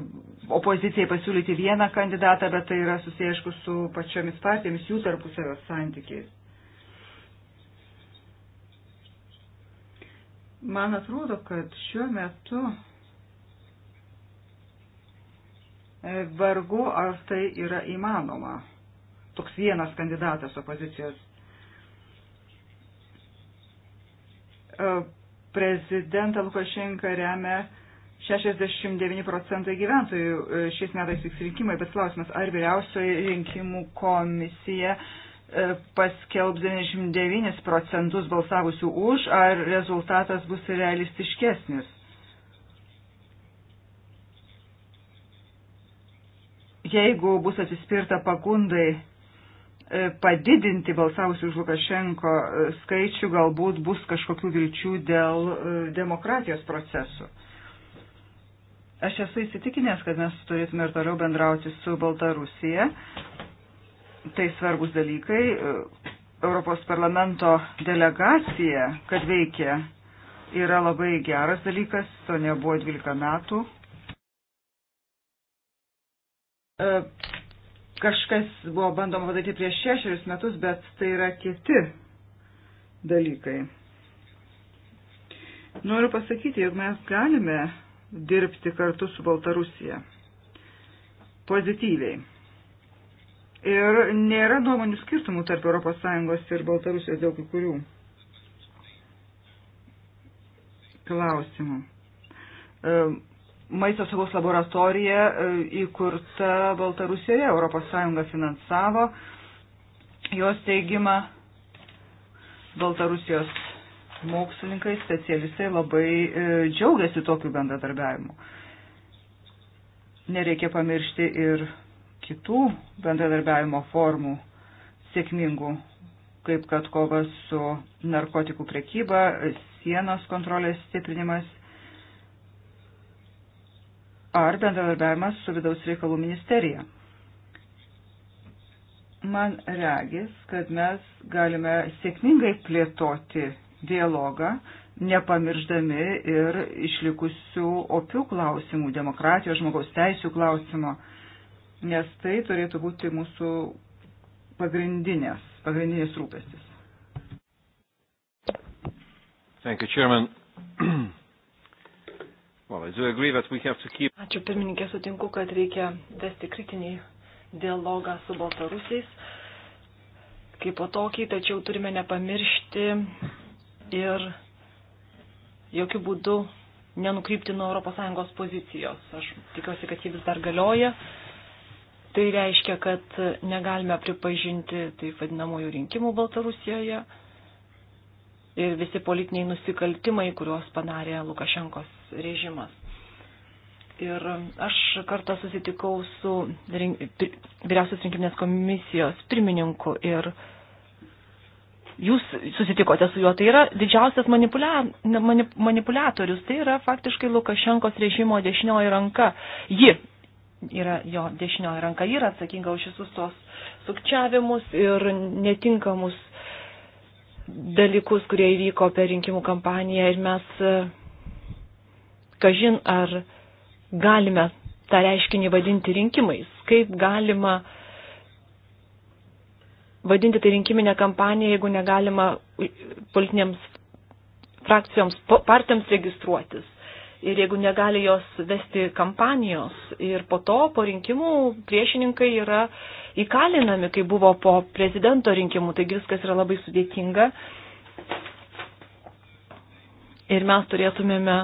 opozicijai pasiūlyti vieną kandidatą, bet tai yra susiję, aišku, su pačiomis partijomis, jų tarpusavio santykiais. Man atrodo, kad šiuo metu e, vargu ar tai yra įmanoma. Toks vienas kandidatas opozicijos e, prezidentą Lukašenką remia 69 procentai gyventojų. E, šiais metais vyks rinkimai, bet klausimas, ar vyriausioji rinkimų komisija e, paskelbs 99 procentus balsavusių už, ar rezultatas bus realistiškesnis. Jeigu bus atsispirta pagundai E, padidinti balsavusių už Lukašenko e, skaičių, galbūt bus kažkokių vilčių dėl e, demokratijos procesų. Aš esu įsitikinęs, kad mes turėtume ir toliau bendrauti su Baltarusija. Tai svarbus dalykai. Europos parlamento delegacija, kad veikia, yra labai geras dalykas, to nebuvo 12 metų kažkas buvo bandoma padaryti prieš šešerius metus, bet tai yra kiti dalykai. Noriu pasakyti, jog mes galime dirbti kartu su Baltarusija pozityviai. Ir nėra nuomonių skirtumų tarp ES ir Baltarusijos dėl kai kurių klausimų. E, maisto saugos laboratorija e, įkurta Baltarusijoje, ES finansavo jos teigimą. Baltarusijos mokslininkai, specialistai labai e, džiaugiasi tokiu bendradarbiavimu. Nereikia pamiršti ir kitų bendradarbiavimo formų sėkmingų, kaip kad kova su narkotikų prekyba, sienos kontrolės stiprinimas – ar bendradarbiavimas su vidaus reikalų ministerija. Man regis, kad mes galime sėkmingai plėtoti dialogą, nepamirždami ir išlikusių opių klausimų, demokratijos, žmogaus teisų klausimo, nes tai turėtų būti mūsų pagrindinės, pagrindinės rūpestis. Thank you, Chairman. Well, keep... Ačiū pirmininkė, sutinku, kad reikia vesti kritinį dialogą su baltarusiais kaip po tokį, tačiau turime nepamiršti ir jokių būdų nenukrypti nuo ES pozicijos. Aš tikiuosi, kad ji vis dar galioja. Tai reiškia, kad negalime pripažinti taip vadinamųjų rinkimų Baltarusijoje ir visi politiniai nusikaltimai, kuriuos padarė Lukašenkos režimas. Ir aš kartą susitikau su rink, vyriausios rinkiminės komisijos pirmininku ir jūs susitikote su juo. Tai yra didžiausias manipulia, manip, manipuliatorius, tai yra faktiškai Lukašenkos režimo dešinioji ranka. Ji yra jo dešinioji ranka, ji yra atsakinga už visus tos sukčiavimus ir netinkamus dalykus, kurie įvyko per rinkimų kampaniją ir mes, e, kažin, ar galime tą reiškinį vadinti rinkimais, kaip galima vadinti tai rinkiminę kampaniją, jeigu negalima politinėms frakcijoms, partijoms registruotis ir jeigu negali jos vesti kampanijos. Ir po to, po rinkimų, priešininkai yra įkalinami, kai buvo po prezidento rinkimų, taigi viskas yra labai sudėtinga. Ir mes turėtumėme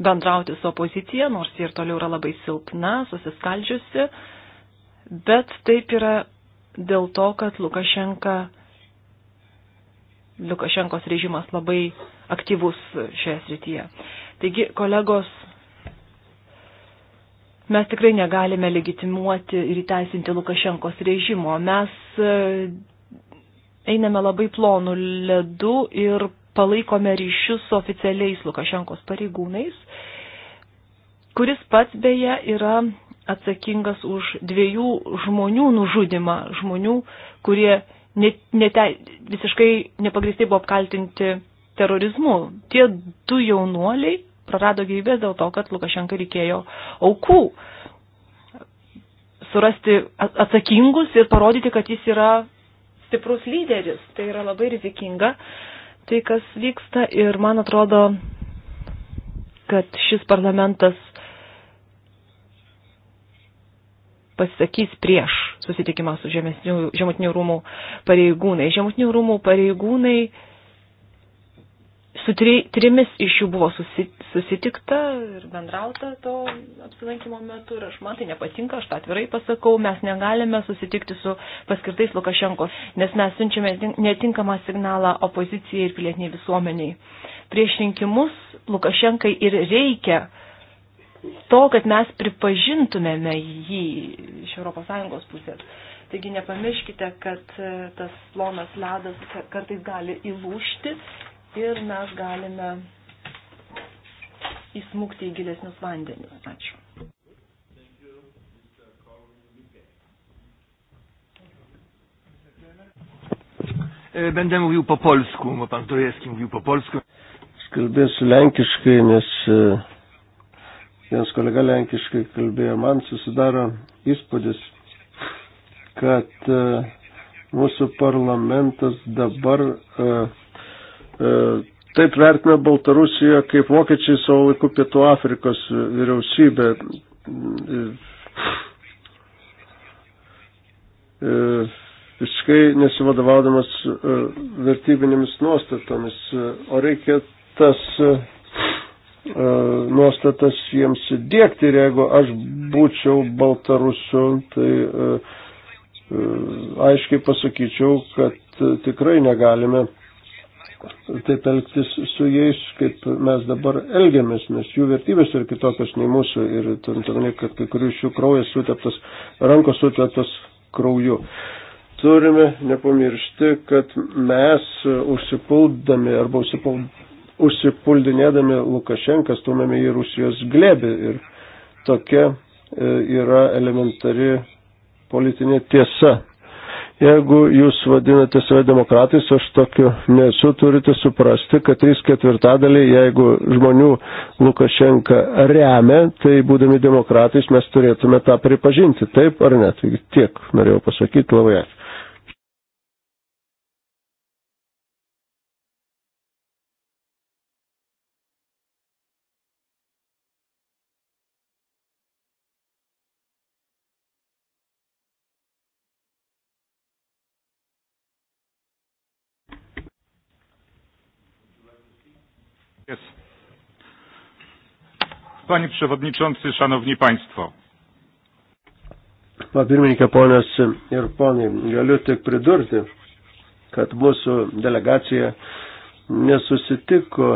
bendrauti su opozicija, nors ji ir toliau yra labai silpna, susiskaldžiusi, bet taip yra dėl to, kad Lukašenka Lukašenkos režimas labai aktyvus šioje srityje. Taigi, kolegos, mes tikrai negalime legitimuoti ir įteisinti Lukašenkos režimo. Mes e, einame labai plonų ledu ir palaikome ryšius su oficialiais Lukašenkos pareigūnais, kuris pats beje yra atsakingas už dviejų žmonių nužudimą, žmonių, kurie net, nete, visiškai nepagristai buvo apkaltinti terorizmu. Tie du jaunuoliai prarado gyvybės dėl to, kad Lukašenka reikėjo aukų surasti atsakingus ir parodyti, kad jis yra stiprus lyderis. Tai yra labai rizikinga, tai kas vyksta ir man atrodo, kad šis parlamentas pasisakys prieš susitikimą su žemutinių rūmų pareigūnai. Žemutinių rūmų pareigūnai su tri, trimis iš jų buvo susi, susitikta ir bendrauta to apsilankimo metu ir aš man tai nepatinka, aš tą atvirai pasakau, mes negalime susitikti su paskirtais Lukašenko, nes mes siunčiame netinkamą signalą opozicijai ir pilietiniai visuomeniai. Prieš rinkimus Lukašenkai ir reikia uh, to, kad mes pripažintumėme jį iš ES pusės. Taigi nepamirškite, kad e, tas plonas ledas kartais gali įlūšti ir mes galime įsmukti į gilesnius vandenis. Ačiū. E, będę mówił po polsku, bo pan Zdrojewski mówił po polsku. Kalbėsiu lenkiškai, nes e, vienas kolega lenkiškai kalbėjo, man susidaro įspūdis, kad e, mūsų parlamentas dabar e, e, taip vertina Baltarusiją, kaip vokiečiai savo laiku Pietų Afrikos vyriausybė. Visiškai nesivadovaudamas vertybinėmis nuostatomis, o reikia tas E, nuostatas jiems dėkti ir jeigu aš būčiau Baltarusiu, tai e, e, aiškiai pasakyčiau, kad tikrai negalime taip elgtis su jais, kaip mes dabar elgiamės, nes jų vertybės yra kitokios nei mūsų ir turintame, kad kai kurių iš jų kraujas suteptas, rankos suteptas krauju. Turime nepamiršti, kad mes užsipuldami arba užsipuldami užsipuldinėdami Lukašenką stumėme į Rusijos glėbį. Ir tokia e, yra elementari politinė tiesa. Jeigu jūs vadinate save demokratais, aš tokiu nesu, turite suprasti, kad trys ketvirtadaliai, jeigu žmonių Lukašenka remia, tai būdami demokratais mes turėtume tą pripažinti. Taip ar ne? Taigi tiek norėjau pasakyti. Labai ačiū. Panie Przewodniczący, Szanowni Państwo. Papirmininkė ponės ir ponai, galiu tik pridurti, kad mūsų delegacija nesusitiko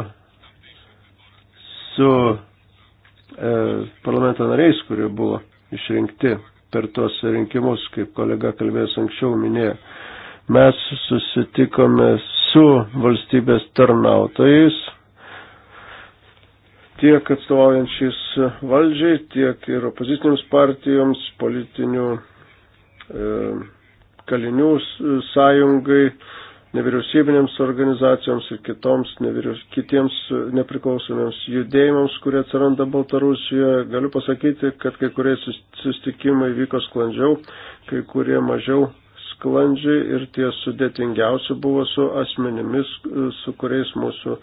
su e, parlamento nariais, kurie buvo išrinkti per tuos rinkimus, kaip kolega kalbėjęs anksčiau minėjo. Mes susitikome su valstybės tarnautojais, tiek atstovaujančiais valdžiai, tiek ir opozicinėms partijoms, politinių e, kalinių sąjungai, nevyriausybinėms organizacijoms ir kitoms, nevyriaus, kitiems nepriklausomiems judėjimams, kurie atsiranda Baltarusijoje. Galiu pasakyti, kad kai kurie sustikimai vyko sklandžiau, kai kurie mažiau sklandžiai ir tie sudėtingiausi buvo su asmenimis, su kuriais mūsų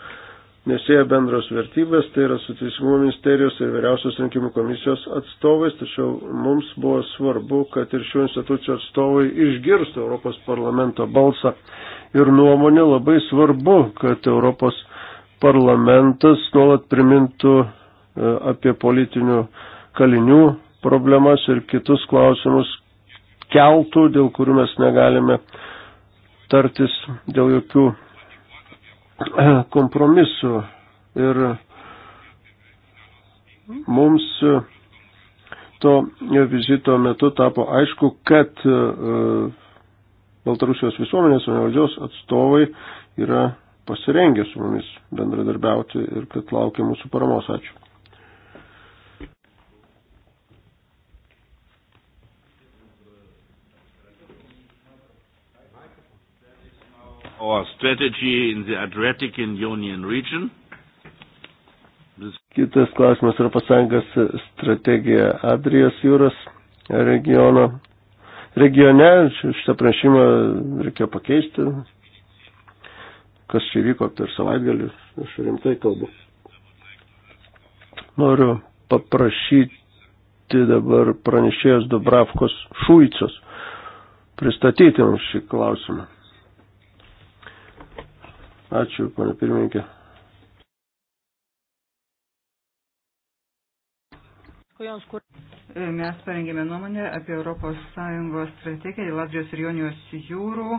nesėja bendros vertybės, tai yra su Teisingumo ministerijos ir Vyriausios rinkimų komisijos atstovais, tačiau mums buvo svarbu, kad ir šių institucijų atstovai išgirstų Europos parlamento balsą ir nuomonė. Labai svarbu, kad Europos parlamentas nuolat primintų e, apie politinių kalinių problemas ir kitus klausimus keltų, dėl kurių mes negalime tartis dėl jokių kompromisų ir mums to vizito metu tapo aišku, kad e, Baltarusijos visuomenės, o ne valdžios atstovai yra pasirengę su mumis bendradarbiauti ir kad laukia mūsų paramos. Ačiū. our strategy in the Adriatic and Ionian region. This... Kitas klausimas yra pasangęs strategija Adrijos jūros regiono. Regione šitą prašymą reikėjo pakeisti. Kas čia vyko per savaitgalį, aš rimtai kalbu. Noriu paprašyti dabar pranešėjos Dubravkos Šuicos pristatyti mums šį klausimą. Ačiū, pana pirmininkė. Mes parengėme nuomonę apie ES strategiją dėl Latvijos ir Jonijos jūrų.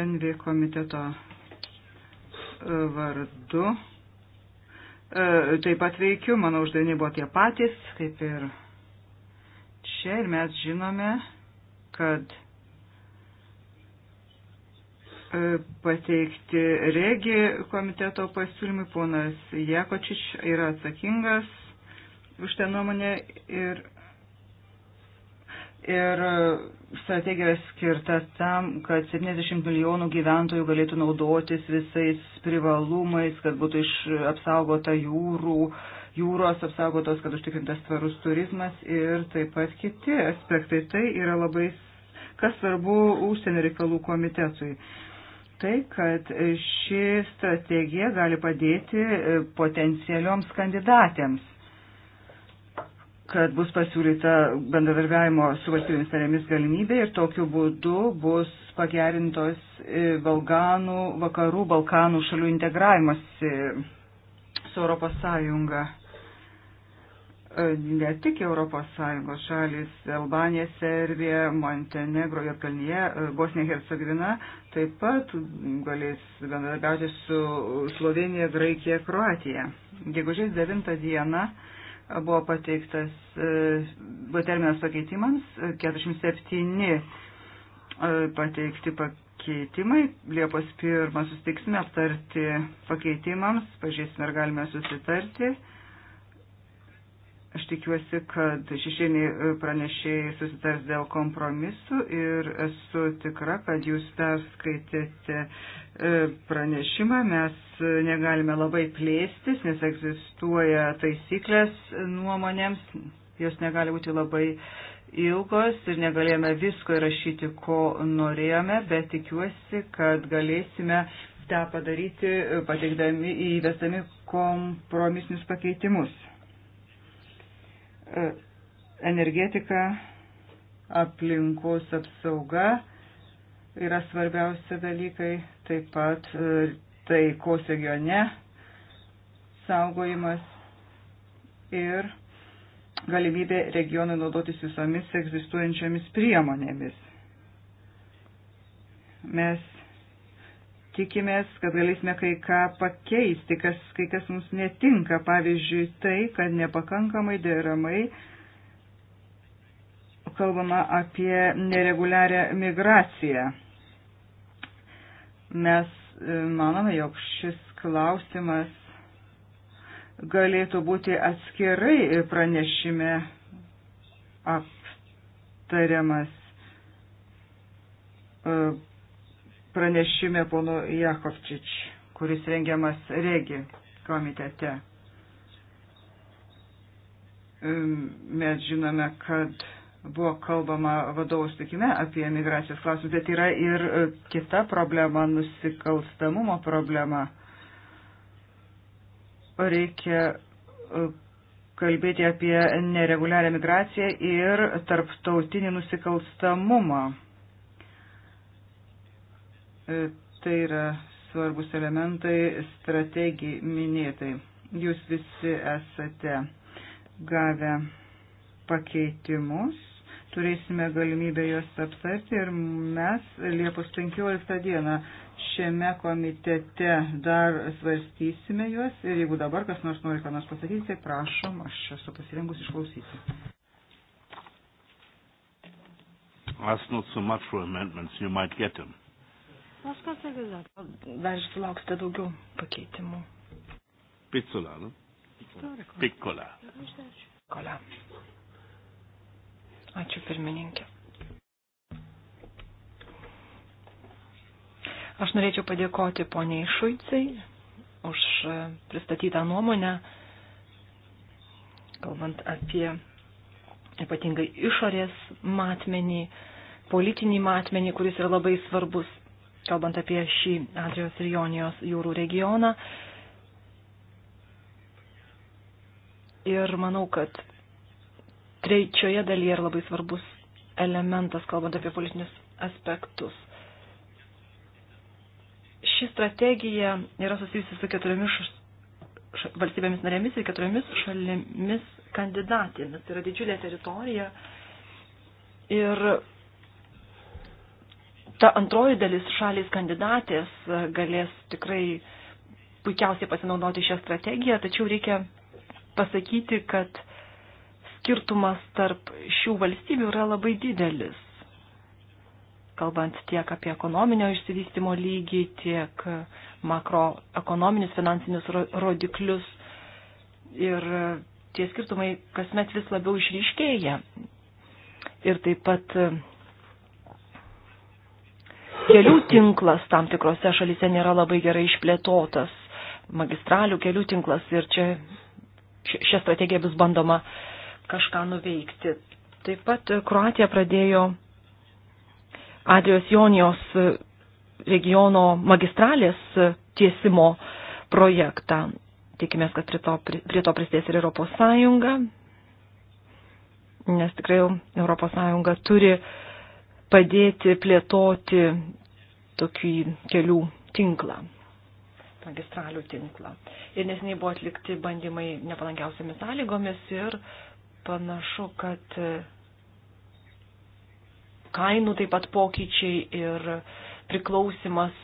NV komiteto e, vardu. E, taip pat veikiu, mano uždaviniai buvo tie patys, kaip ir čia. Ir mes žinome, kad pateikti regi komiteto pasiūlymai. Ponas Jakočič yra atsakingas už tą nuomonę ir, ir strategija skirta tam, kad 70 milijonų gyventojų galėtų naudotis visais privalumais, kad būtų iš apsaugota jūrų, jūros apsaugotos, kad užtikrintas tvarus turizmas ir taip pat kiti aspektai. Tai yra labai, kas svarbu, užsienio reikalų komitetui. Uh, tai, kad ši strategija gali padėti e, potencialioms kandidatėms kad bus pasiūlyta bendradarbiavimo su valstybėmis narėmis galimybė ir tokiu būdu bus pagerintos e, Balkanų, vakarų Balkanų šalių integravimas e, su Europos Sąjunga ne tik ES šalis - Albanija, Serbija, Montenegro, Jotkalnyje, Bosnija, Hercegovina - taip pat galės bendradarbiauti su Slovenija, Graikija, Kroatija. Gegužės 9 dieną buvo pateiktas buvo terminas pakeitimams 47 e, pateikti pakeitimai. Liepos 1 susitiksime aptarti pakeitimams, pažiūrėsime ar galime susitarti. Aš tikiuosi, kad šešėlį e, pranešėjai susitars dėl kompromisų ir esu tikra, kad jūs perskaitėte e, pranešimą. Mes e, negalime labai plėstis, nes egzistuoja taisyklės nuomonėms, jos negali būti labai ilgos ir negalėjome visko įrašyti, ko norėjome, bet tikiuosi, kad galėsime tą padaryti, pateikdami įvestami kompromisinius pakeitimus energetika, aplinkos apsauga yra svarbiausi dalykai, taip pat e, taikos regione saugojimas ir galimybė regionui naudotis visomis egzistuojančiomis priemonėmis. Mes tikimės, kad galėsime kai ką pakeisti, kas, kai kas mums netinka. Pavyzdžiui, tai, kad nepakankamai deramai kalbama apie nereguliarią migraciją. Mes e, manome, jog šis klausimas galėtų būti atskirai pranešime aptariamas e, pranešime pono Jakovčič, kuris rengiamas regi komitete. Mes žinome, kad buvo kalbama vadovų sutikime apie migracijos klausimus, bet yra ir e, kita problema - nusikalstamumo problema. Reikia e, kalbėti apie nereguliarią migraciją ir tarptautinį nusikalstamumą. E, tai yra svarbus elementai strategijai minėtai. Jūs visi esate gavę pakeitimus, turėsime galimybę juos aptarti ir mes Liepos 15 dieną šiame komitete dar svarstysime juos ir jeigu dabar kas nors nori ką nors pasakyti, tai prašom, aš esu pasirengus išklausyti. Ask not so much for amendments, you might get them. Dar sulauksite daugiau pakeitimų. Picula, nu? Picula. Picula. Ačiū pirmininkė. Aš norėčiau padėkoti poniai Šuicai už pristatytą nuomonę, kalbant apie ypatingai išorės matmenį, politinį matmenį, kuris yra labai svarbus kalbant apie šį Adrijos ir Jonijos jūrų regioną. Ir manau, kad trečioje dalyje yra labai svarbus elementas, kalbant apie politinius aspektus. Ši strategija yra susijusi su keturiomis valstybėmis narėmis ir keturiomis šalimis kandidatėmis. Tai yra didžiulė teritorija ir ta antroji dalis šalis kandidatės galės tikrai puikiausiai pasinaudoti šią strategiją, tačiau reikia pasakyti, kad skirtumas tarp šių valstybių yra labai didelis. Kalbant tiek apie ekonominio išsivystimo lygį, tiek makroekonominius finansinius rodiklius. Ir tie skirtumai kasmet vis labiau išryškėja. Ir taip pat kelių tinklas tam tikrose šalyse nėra labai gerai išplėtotas, magistralių kelių tinklas ir čia šią strategiją bus bandoma kažką nuveikti. Taip pat e, Kroatija pradėjo Adrijos Jonijos e, regiono magistralės e, tiesimo projektą. Tikimės, kad prie to, prie to prisidės ir Europos Sąjunga, nes tikrai Europos Sąjunga turi uh, padėti plėtoti tokį kelių tinklą, magistralių tinklą. Ir nesiniai buvo atlikti bandymai nepalankiausiamis sąlygomis ir panašu, kad kainų taip pat pokyčiai ir priklausimas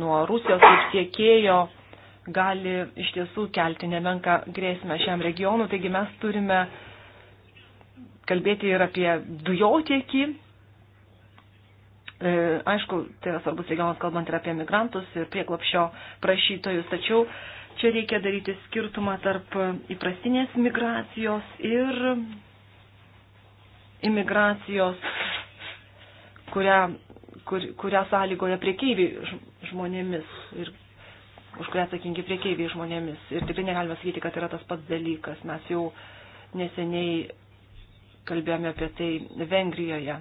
nuo Rusijos kaip tiekėjo gali iš tiesų kelti nemenką grėsmę šiam regionu. Taigi mes turime kalbėti ir apie dujotiekį E, aišku, tai yra svarbus regionas, kalbant ir apie migrantus ir prieklapšio prašytojus, tačiau čia reikia daryti skirtumą tarp įprastinės migracijos ir imigracijos, kurią, kur, kurią sąlygoja priekeiviai žmonėmis ir už kurią atsakingi priekeiviai žmonėmis. Ir tikrai negalime sakyti, kad yra tas pats dalykas. Mes jau neseniai kalbėjome apie tai Vengrijoje.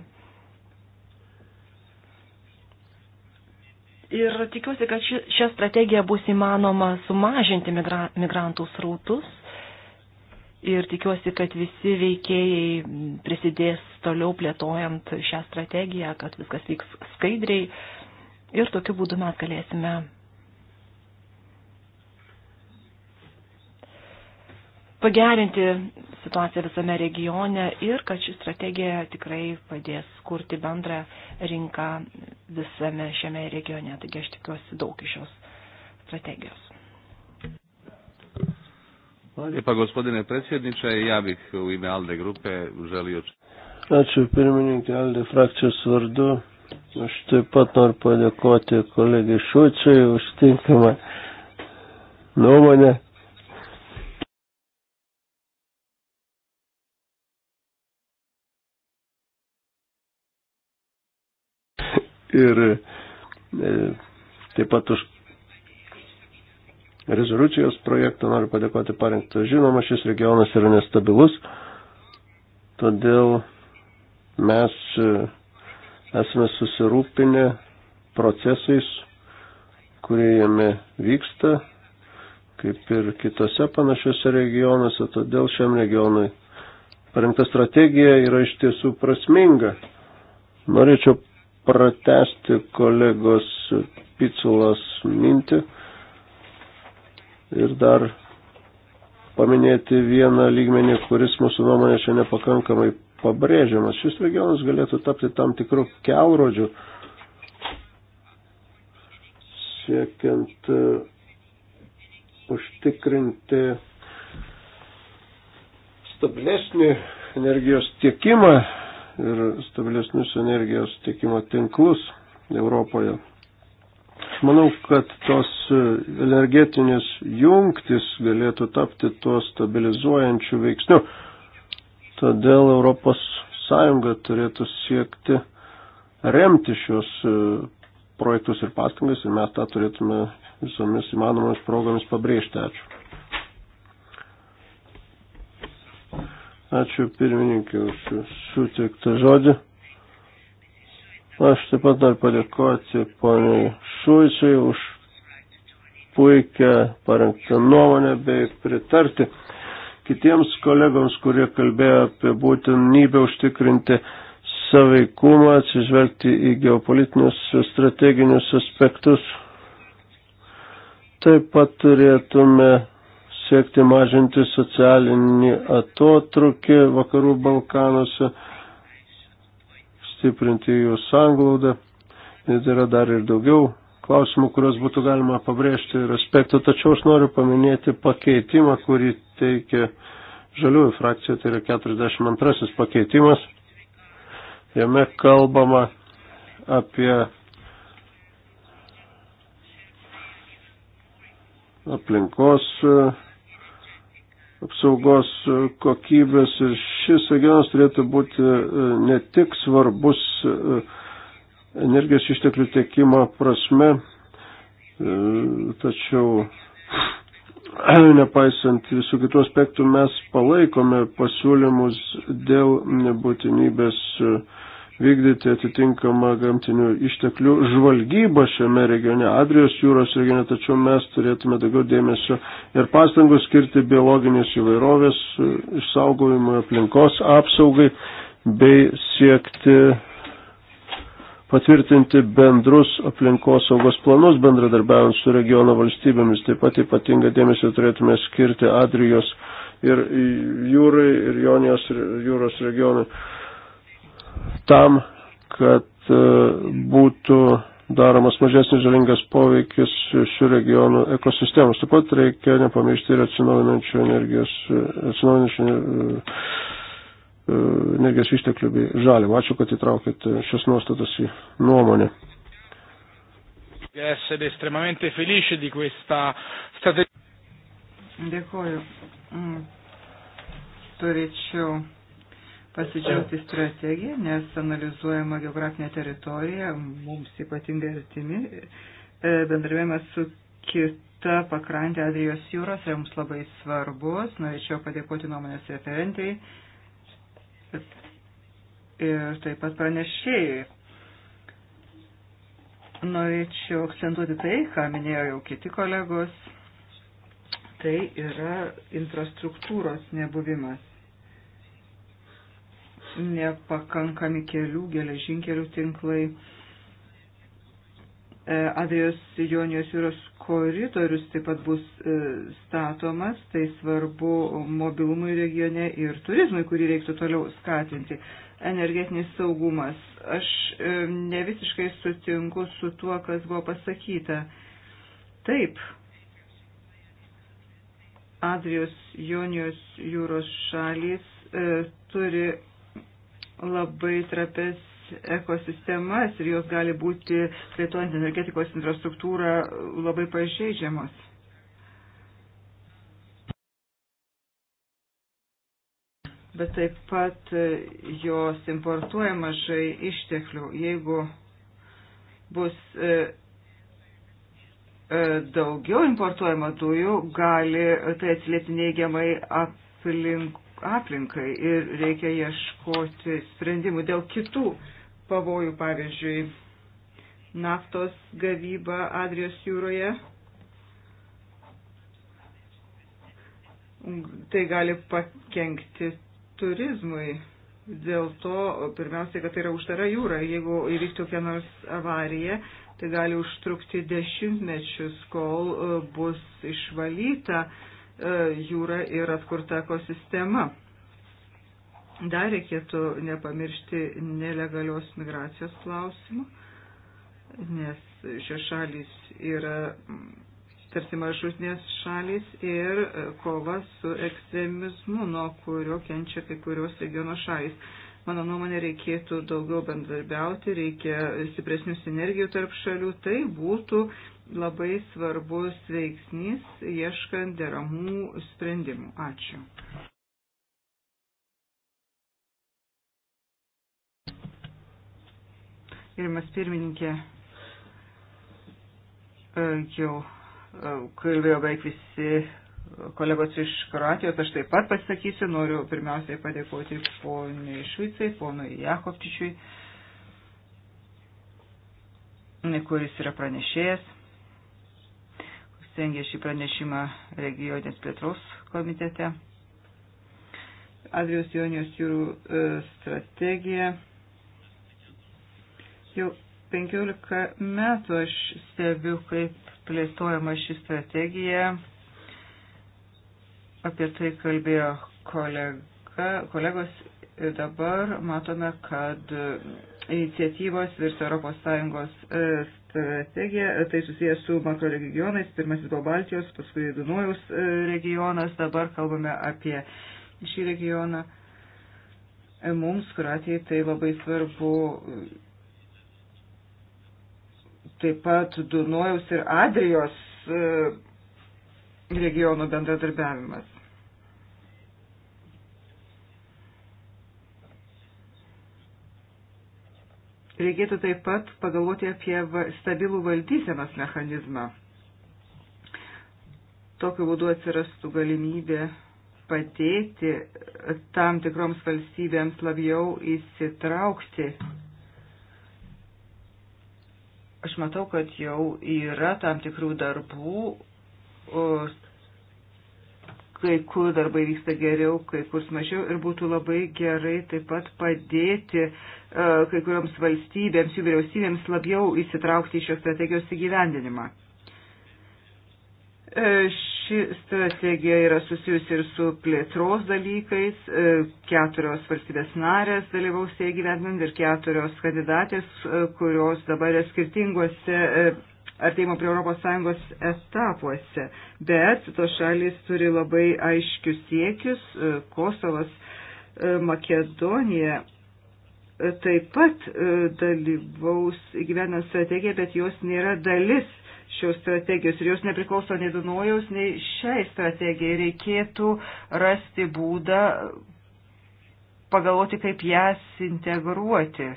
Ir tikiuosi, kad ši, šią strategiją bus įmanoma sumažinti migra, migrantų srautus. Ir tikiuosi, kad visi veikėjai prisidės toliau plėtojant šią strategiją, kad viskas vyks skaidriai. Ir tokiu būdu mes galėsime pagerinti situaciją visame regione ir kad ši strategija tikrai padės kurti bendrą rinką visame šiame regione. Taigi aš tikiuosi daug iš šios strategijos. Hvala lijepa gospodine predsjedniče. Ja bih u ime ALDE grupe želio... Ačiū pirmininkė Aldė frakcijos vardu. Aš taip pat noriu padėkoti kolegai Šučiai už tinkamą nuomonę. ir e, taip pat už rezoliucijos projektą noriu padėkoti parengtą. Žinoma, šis regionas yra nestabilus, todėl mes e, esame susirūpinę procesais, kurie jame vyksta, kaip ir kitose panašiose regionuose, todėl šiam regionui parengta strategija yra iš tiesų prasminga. Norėčiau pratesti kolegos Piculas mintį ir dar paminėti vieną lygmenį, kuris mūsų nuomonė čia nepakankamai pabrėžiamas. Šis regionas galėtų tapti tam tikrų keurodžių siekiant e, užtikrinti stabilesnį energijos tiekimą ir stabilesnius energijos tiekimo tinklus Europoje. Aš manau, kad tos energetinės jungtis galėtų tapti tuo stabilizuojančiu veiksniu. Todėl Europos Sąjunga turėtų siekti remti šios e, projektus ir pastangas ir mes tą turėtume visomis įmanomomis progomis pabrėžti. Ačiū. Ačiū pirmininkė už sutiktą žodį. Aš taip pat dar padėkoti poniai Šuicui už puikią parengtą nuomonę bei pritarti kitiems kolegoms, kurie kalbėjo apie būtinybę užtikrinti saveikumą, atsižvelgti į geopolitinius strateginius aspektus. Taip pat turėtume siekti mažinti socialinį atotrukį vakarų Balkanuose, stiprinti jų sanglaudą. Ir yra dar ir daugiau klausimų, kuriuos būtų galima pabrėžti ir aspektų, tačiau aš noriu paminėti pakeitimą, kurį teikia žaliųjų frakcija, tai yra 42 pakeitimas. Jame kalbama apie aplinkos apsaugos kokybės ir šis regionas turėtų būti e, ne tik svarbus e, energijos išteklių tiekimo prasme, e, tačiau nepaisant visų kitų aspektų mes palaikome pasiūlymus dėl nebūtinybės uh, vykdyti atitinkamą gamtinių išteklių žvalgybą šiame regione, Adrijos jūros regione, tačiau mes turėtume daugiau dėmesio ir pastangų skirti biologinės įvairovės išsaugojimui, aplinkos apsaugai bei siekti patvirtinti bendrus aplinkos saugos planus bendradarbiaujant su regiono valstybėmis. Taip pat ypatingą dėmesį turėtume skirti Adrijos ir jūrai ir Jonijos ir jūros regionui tam, kad e, būtų daromas mažesnis žalingas poveikis šių regionų ekosistemos. Taip pat reikia nepamiršti ir atsinaujinančių energijos, e, atsinaujinančių e, energijos išteklių bei žalim. Ačiū, kad įtraukėte šias nuostatas į nuomonę. Dėkuoju. Mm. Turėčiau pasidžiaugti strategiją, nes analizuojama geografinė teritorija, mums ypatingai artimi, e, bendravimas su kita pakrantė Adrijos jūros yra mums labai svarbus. Norėčiau padėkoti nuomonės referentai ir taip pat pranešėjai. Norėčiau akcentuoti tai, ką minėjo jau kiti kolegos. Tai yra infrastruktūros nebuvimas nepakankami kelių, geležinkelių tinklai. E, Adrijos Jonijos jūros koridorius taip pat bus e, statomas, tai svarbu mobilumui regione ir turizmui, kurį reiktų toliau skatinti. Energetinis saugumas. Aš e, ne visiškai sutinku su tuo, kas buvo pasakyta. Taip, Adrijos Jonijos jūros šalys turi labai trapes ekosistemas ir jos gali būti, plėtojant energetikos infrastruktūrą, labai pažeidžiamos. Bet taip pat jos importuoja mažai išteklių. Jeigu bus e, e, daugiau importuojama dujų, gali tai atsiliepti neigiamai aplink aplinkai ir reikia ieškoti sprendimų dėl kitų pavojų, pavyzdžiui, naftos gavyba Adrijos jūroje. Tai gali pakengti turizmui. Dėl to, pirmiausia, kad tai yra uždara jūra. Jeigu įvyktų kokia nors avarija, tai gali užtrukti dešimtmečius, kol e, bus išvalyta uh, E, jūra ir atkurta ekosistema. Dar reikėtų nepamiršti nelegalios migracijos klausimų, nes šios šalys yra tarsi maršrutinės šalys ir e, kova su ekstremizmu, nuo kurio kenčia kai kurios regiono šalys. Mano nuomonė, reikėtų daugiau bendarbiauti, reikia stipresnių sinergijų tarp šalių. Tai būtų labai svarbus veiksnys ieškant deramų sprendimų. Ačiū. Gerimas pirmininkė, e, jau e, kalbėjo beveik visi kolegos iš Kroatijos, aš taip pat pasakysiu, noriu pirmiausiai padėkoti poniai Švicai, ponui Jakovčičiui, kuris yra pranešėjas rengė šį pranešimą regionės plėtros komitete. Adrijos Jonijos jūrų e, strategija. Jau 15 metų aš stebiu, kaip plėtojama ši strategija. Apie tai kalbėjo kolega, kolegos ir dabar matome, kad iniciatyvos virš ES strategija, tai susijęs su makro regionais, pirmasis buvo Baltijos, paskui Dunojaus e, regionas, dabar kalbame apie šį regioną. E, mums, Kroatijai, tai labai svarbu e, taip pat Dunojaus ir Adrijos regionų bendradarbiavimas. Reikėtų taip pat pagalvoti apie stabilų valdysenos mechanizmą. Tokiu būdu atsirastų galimybė padėti tam tikroms valstybėms labiau įsitraukti. Aš matau, kad jau yra tam tikrų darbų kai kur darbai vyksta geriau, kai kur mažiau ir būtų labai gerai taip pat padėti e, kai kurioms valstybėms, jų vyriausybėms labiau įsitraukti į šios strategijos įgyvendinimą. E, ši strategija yra susijusi ir su plėtros dalykais. E, keturios valstybės narės dalyvaus įgyvendinant ir keturios kandidatės, kurios dabar yra skirtingose artėjimo prie ES etapuose, bet tos šalis turi labai aiškius siekius, e, Kosovas, e, Makedonija e, taip pat dalyvaus gyvenant strategiją, bet jos nėra dalis šios strategijos ir jos nepriklauso nei Dunojaus, nei šiai strategijai. Reikėtų rasti būdą pagalvoti, kaip jas integruoti.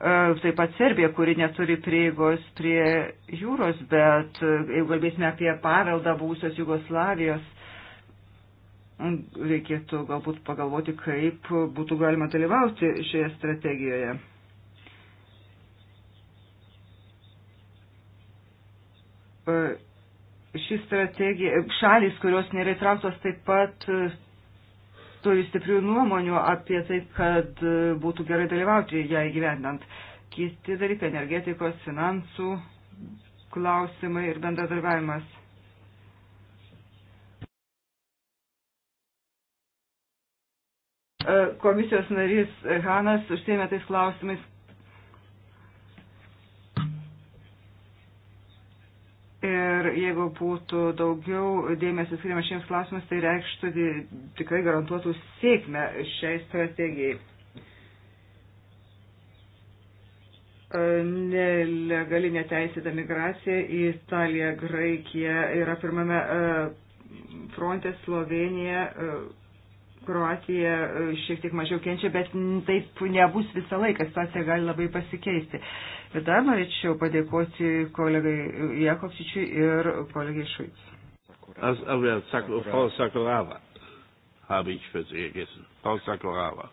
E, taip pat Serbija, kuri neturi prieigos prie jūros, bet e, jeigu kalbėsime apie paveldą būsios Jugoslavijos, reikėtų galbūt pagalvoti, kaip būtų galima dalyvauti šioje strategijoje. E, ši strategija, šalis, kurios nėra įtrauktos, taip pat turi stiprių nuomonių apie tai, kad būtų gerai dalyvauti ją įgyvendant. Kiti dalykai - energetikos, finansų klausimai ir bendradarbiavimas. E, komisijos narys Hanas užsėmė tais klausimais, Ir jeigu būtų daugiau dėmesio skiriama šiems klausimus, tai reikštų tikrai garantuotų sėkmę šiai strategijai. E, nelegali neteisėta migracija į Italiją, Graikiją yra pirmame e, fronte Slovenija, e, Kroatija šiek tiek mažiau kenčia, bet taip nebus visą laiką, situacija gali labai pasikeisti. Ir dar norėčiau padėkoti kolegai Jakovčičiui ir kolegai Šuic. Frau Sakurava, habe ich für Sie gegessen. Frau Sakurava.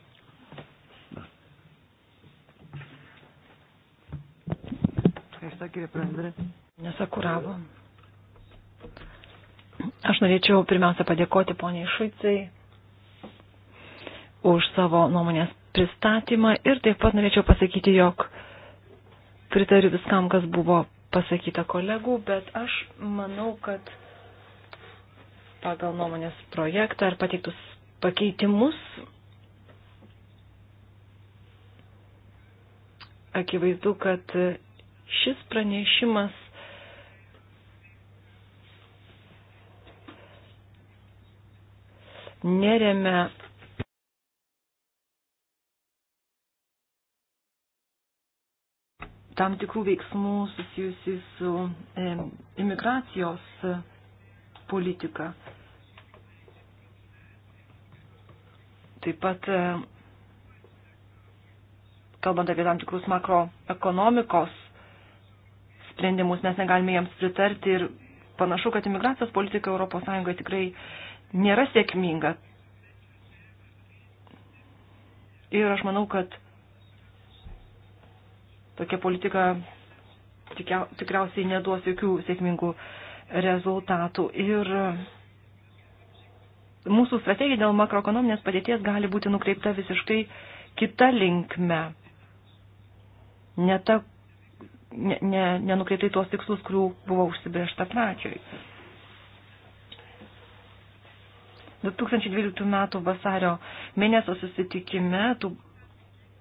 Ευχαριστώ κύριε Πρόεδρε. Ne Sakuravo. Aš norėčiau pirmiausia padėkoti poniai Šuicai už savo nuomonės pristatymą ir taip pat norėčiau pasakyti, jog pritariu viskam, kas buvo pasakyta kolegų, bet aš manau, kad pagal nuomonės projektą ar pateiktus pakeitimus akivaizdu, kad šis pranešimas neremia tam tikrų veiksmų susijusių su e, imigracijos e, politika. Taip pat, e, kalbant apie tam tikrus makroekonomikos sprendimus, mes negalime jiems pritarti ir panašu, kad imigracijos politika ES tikrai nėra sėkminga. Ir aš manau, kad tokia politika tikia, tikriausiai neduos jokių sėkmingų rezultatų. Ir mūsų strategija dėl makroekonominės padėties gali būti nukreipta visiškai kita linkme. Ne ta, ne, ne, nenukreiptai tuos tikslus, kurių buvo užsibriežta pradžioj. 2012 m. vasario mėnesio susitikime tų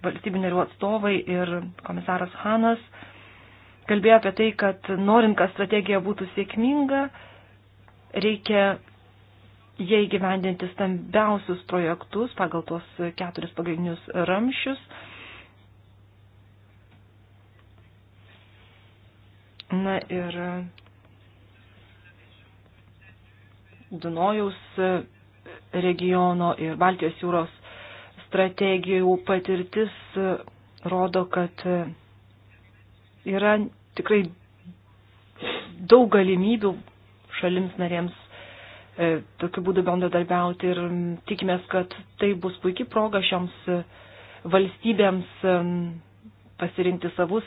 valstybių narių atstovai ir komisaras Hanas kalbėjo apie tai, kad norint, kad strategija būtų sėkminga, reikia jie įgyvendinti stambiausius projektus pagal tuos keturis pagrindinius ramšius. Na ir Dunojaus regiono ir Baltijos jūros strategijų patirtis e, rodo, kad e, yra tikrai daug galimybių šalims narėms e, tokiu būdu bendradarbiauti ir tikimės, kad tai bus puikiai proga šioms valstybėms pasirinkti savus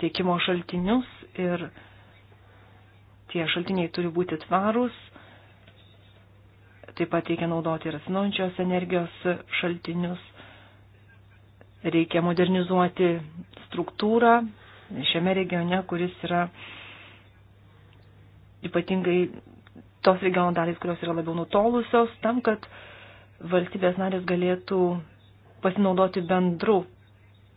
tiekimo šaltinius ir tie šaltiniai turi būti tvarūs Taip pat reikia naudoti ir atsinaujančios energijos šaltinius. Reikia modernizuoti struktūrą šiame regione, kuris yra ypatingai tos regiono dalys, kurios yra labiau nutolusios, tam, kad valstybės narės galėtų pasinaudoti bendru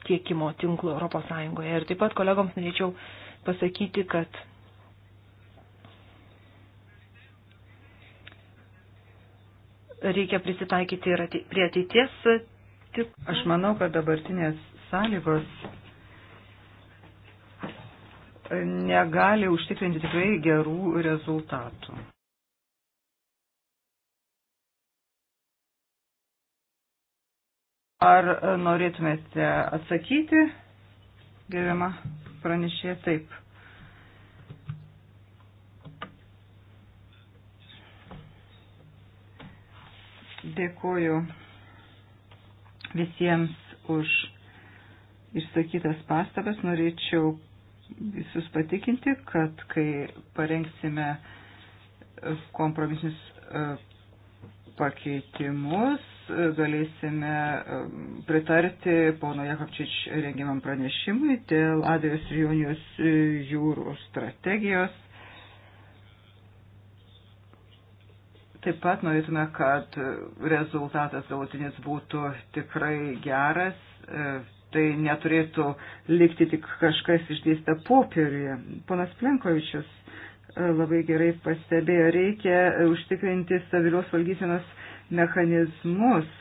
tiekimo tinklu Europos Sąjungoje. Ir taip pat kolegoms norėčiau pasakyti, kad reikia prisitaikyti ir ati, prie ateities. E, tik... Aš manau, kad dabartinės sąlygos e, negali užtikrinti tikrai gerų rezultatų. Ar e, norėtumėte atsakyti, gerima pranešė taip? Dėkoju visiems už išsakytas pastabas. Norėčiau visus patikinti, kad kai parengsime e, kompromisinius e, pakeitimus, e, galėsime pritarti pono Jakovčič rengiamam pranešimui dėl Adrijos ir Jonijos jūrų strategijos Taip pat norėtume, kad rezultatas galutinis būtų tikrai geras. E, tai neturėtų likti tik kažkas išdėstę popieriuje. Ponas Plenkovičius e, labai gerai pastebėjo, reikia užtikrinti stabilios valdysenos mechanizmus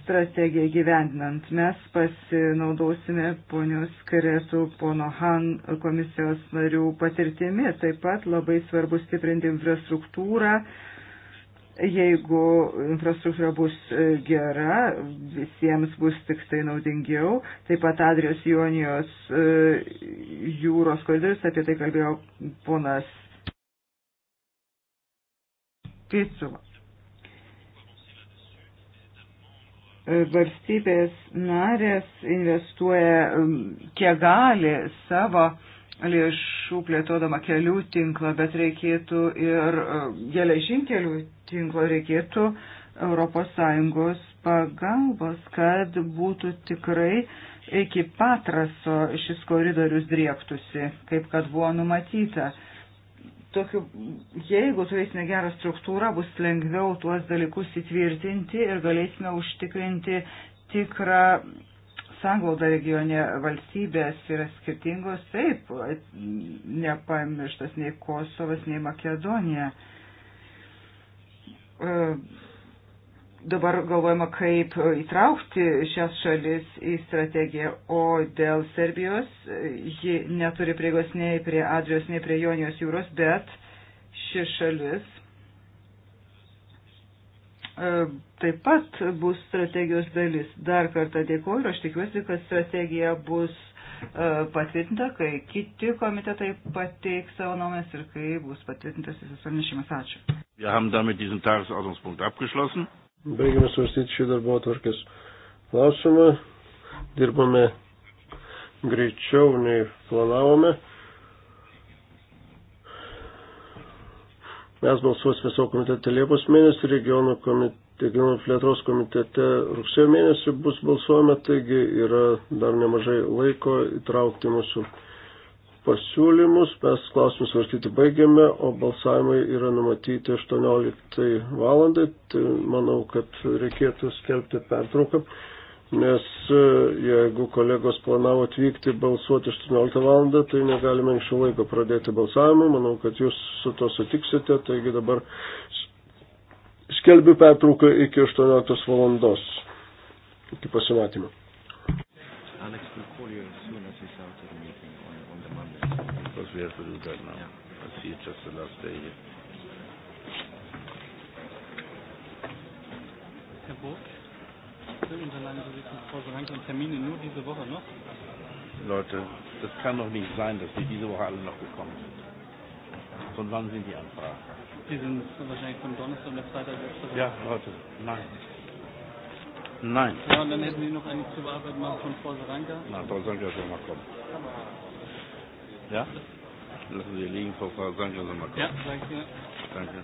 strategiją gyvendinant. Mes pasinaudosime ponios Kretų, pono Han komisijos narių patirtimi. Taip pat labai svarbu stiprinti infrastruktūrą Jeigu infrastruktūra bus e, gera, visiems bus tik tai naudingiau. Taip pat Adrijos Jonijos e, jūros koridorius, apie tai kalbėjo ponas Picula. E, valstybės narės investuoja kiek gali savo uh, lėšų plėtodama kelių tinklą, bet reikėtų ir e, geležinkelių tinklo, reikėtų ES pagalbos, kad būtų tikrai iki patraso šis koridorius driektusi, kaip kad buvo numatyta. Tokiu, jeigu turėsime gerą struktūrą, bus lengviau tuos dalykus įtvirtinti ir galėsime užtikrinti tikrą sanglauda regione valstybės yra skirtingos, taip, nepamirštas nei Kosovas, nei Makedonija. E, dabar galvojama, kaip įtraukti šias šalis į strategiją, o dėl Serbijos ji neturi prieigos nei prie Adrijos, nei prie Jonijos jūros, bet ši šalis E, taip pat bus strategijos dalis. Dar kartą dėkuoju ir aš tikiuosi, kad strategija bus e, patvirtinta, kai kiti komitetai pateiks savo nuomonės ir kai bus patvirtintas visas pranešimas. Ačiū. Wir haben damit diesen Tagesordnungspunkt abgeschlossen. Baigiame svarstyti šį darbo atvarkės klausimą. Dirbame greičiau nei planavome. Mes balsuosime savo komitete Liepos mėnesį, regionų, komite, regionų plėtros komitete rugsėjo mėnesį bus balsuojama, taigi yra dar nemažai laiko įtraukti mūsų pasiūlymus. Mes klausimus svarstyti baigiame, o balsavimai yra numatyti 18 valandai. Tai manau, kad reikėtų skelbti pertrauką nes e, jeigu kolegos planavo atvykti balsuoti 18 val. tai negalime anksčiau laiko pradėti balsavimą. Manau, kad jūs su to sutiksite, taigi dabar skelbiu pertrauką iki 18 val. iki pasimatymo. Alex will call you as soon as he's out of the meeting on, on the Monday. Because we have to do that now. Yeah. I see it's just the last day here. Herr Burg? Unterlagen so vorgeranken Termine nur diese Woche noch? Leute, das kann doch nicht sein, dass die diese Woche alle noch gekommen sind. Von wann sind die Anfragen? Die sind wahrscheinlich von Donnerstag und Freitag letzte Woche. Ja, Leute, nein. Nein. Ja, und dann hätten Sie noch eigentlich zu bearbeiten machen von Frau Saranka. Na, Frau Saranka soll mal kommen. Ja? Lassen Sie liegen, Frau Saranka soll mal kommen. Ja, danke. Danke.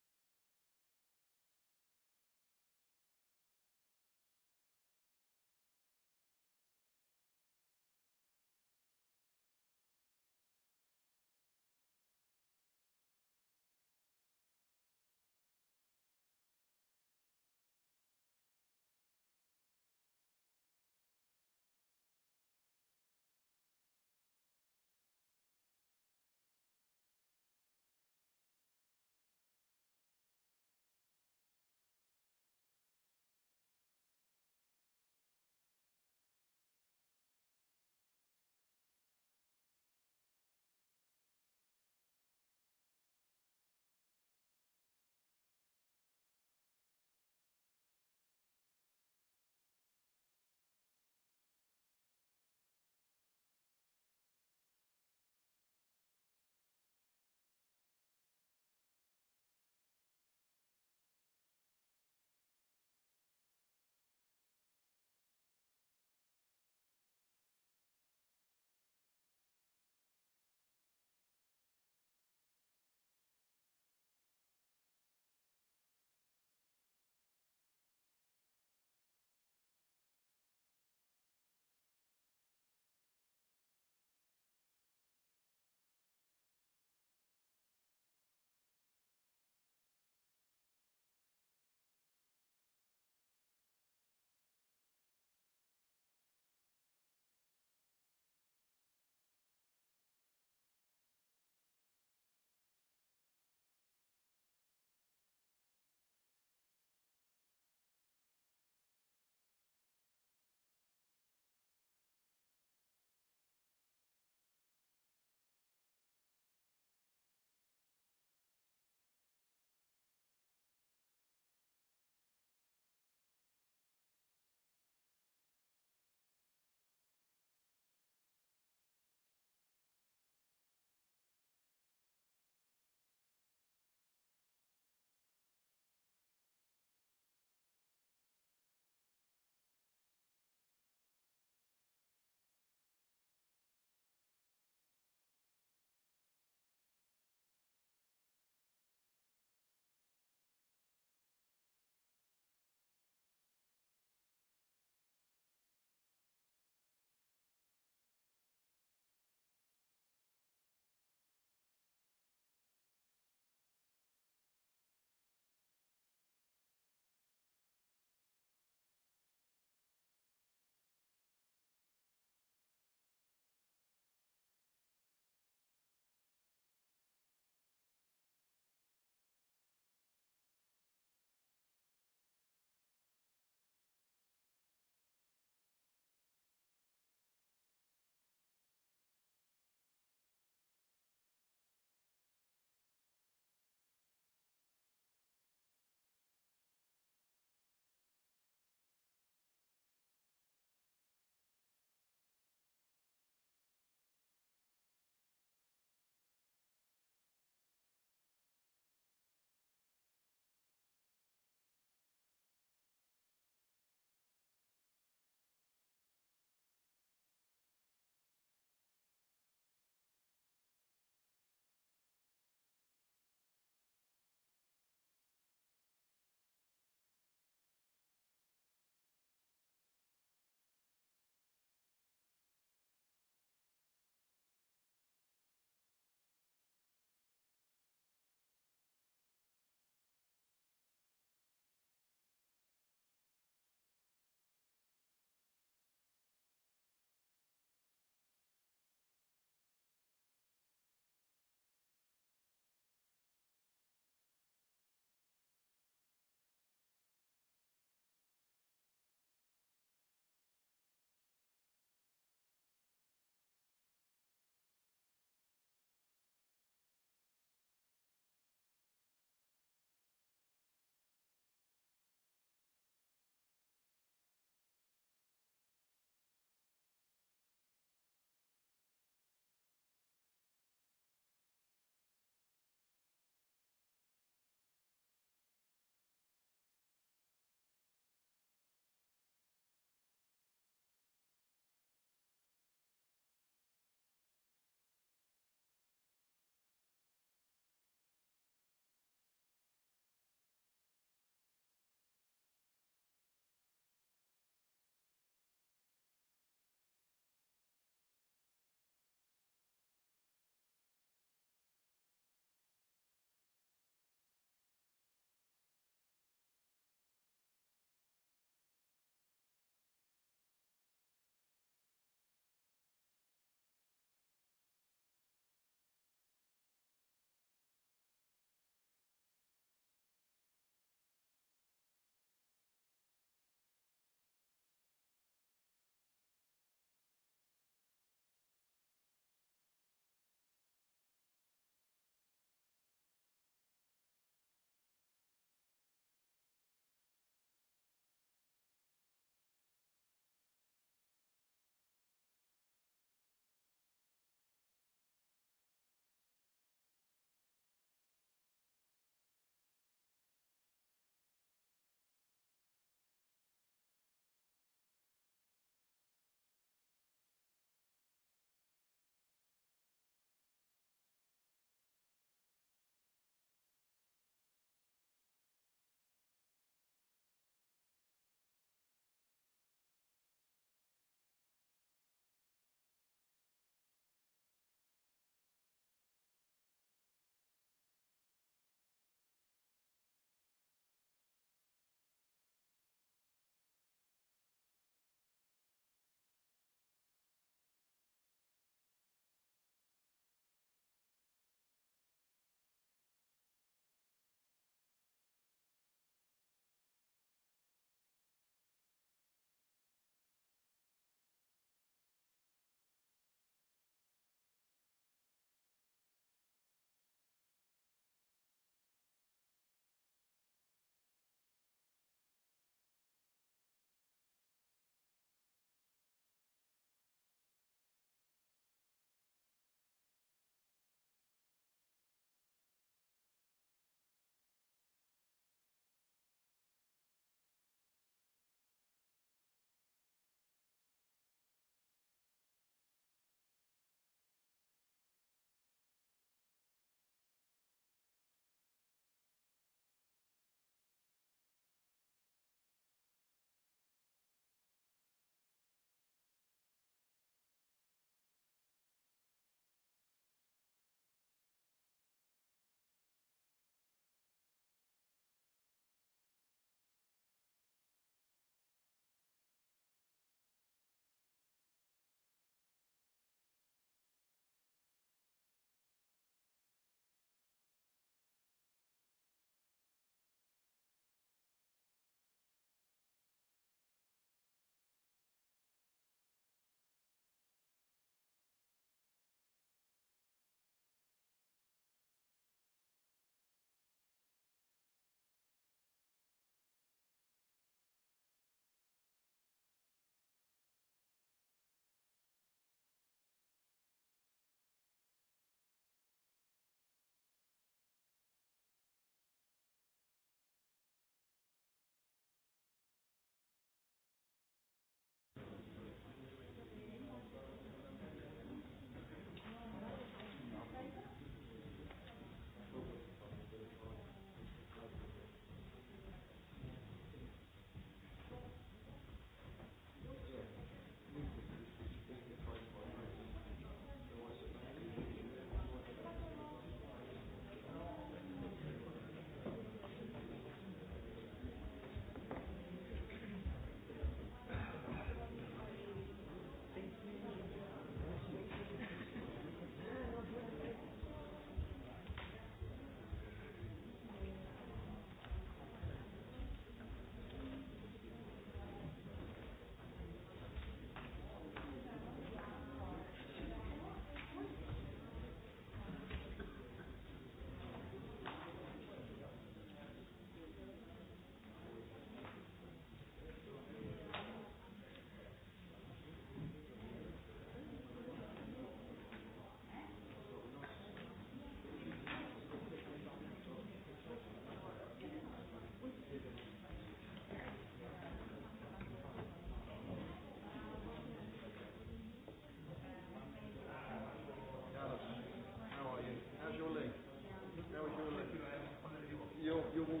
Well, it was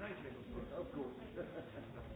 right leg, of course. Of course.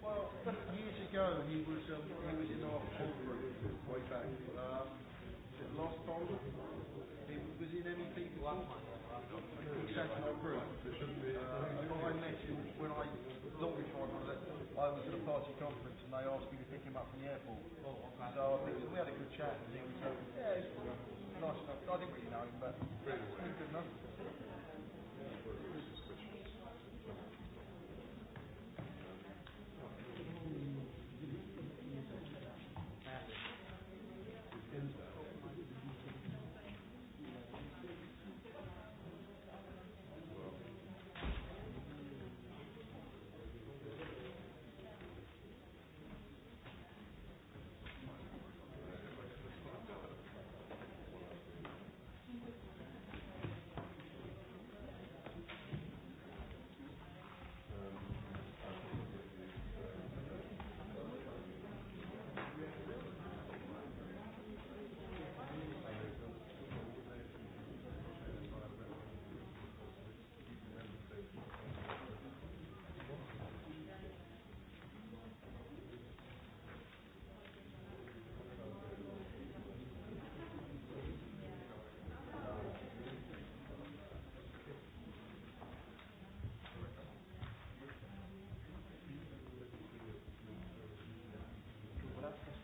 Well, years ago he was um, he was in our whole group way back. Um, last time he was in MEP before. He sat in our group. Uh, I met him when I long before I was at I was at a party conference and they asked me to pick him up from the airport. So I think we had a good chat and he was. Um,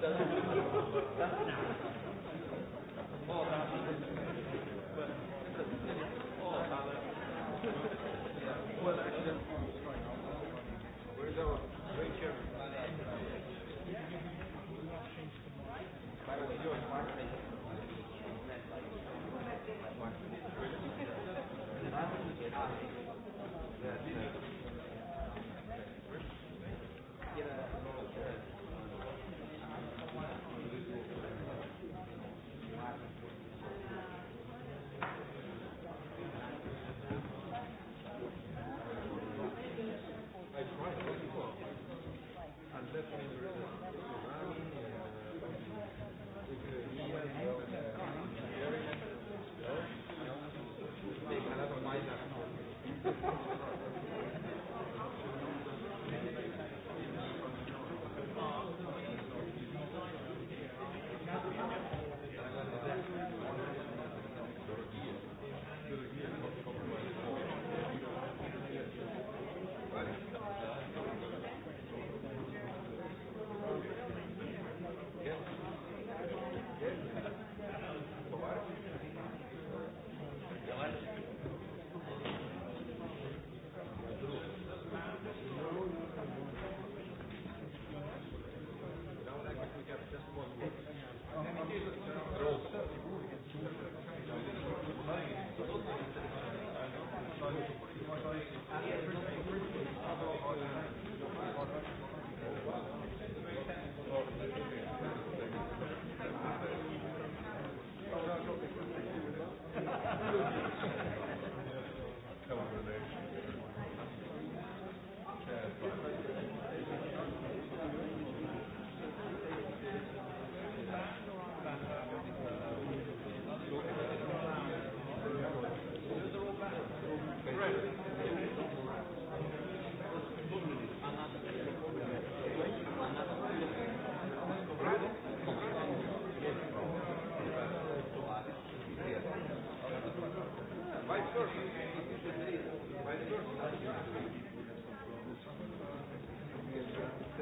det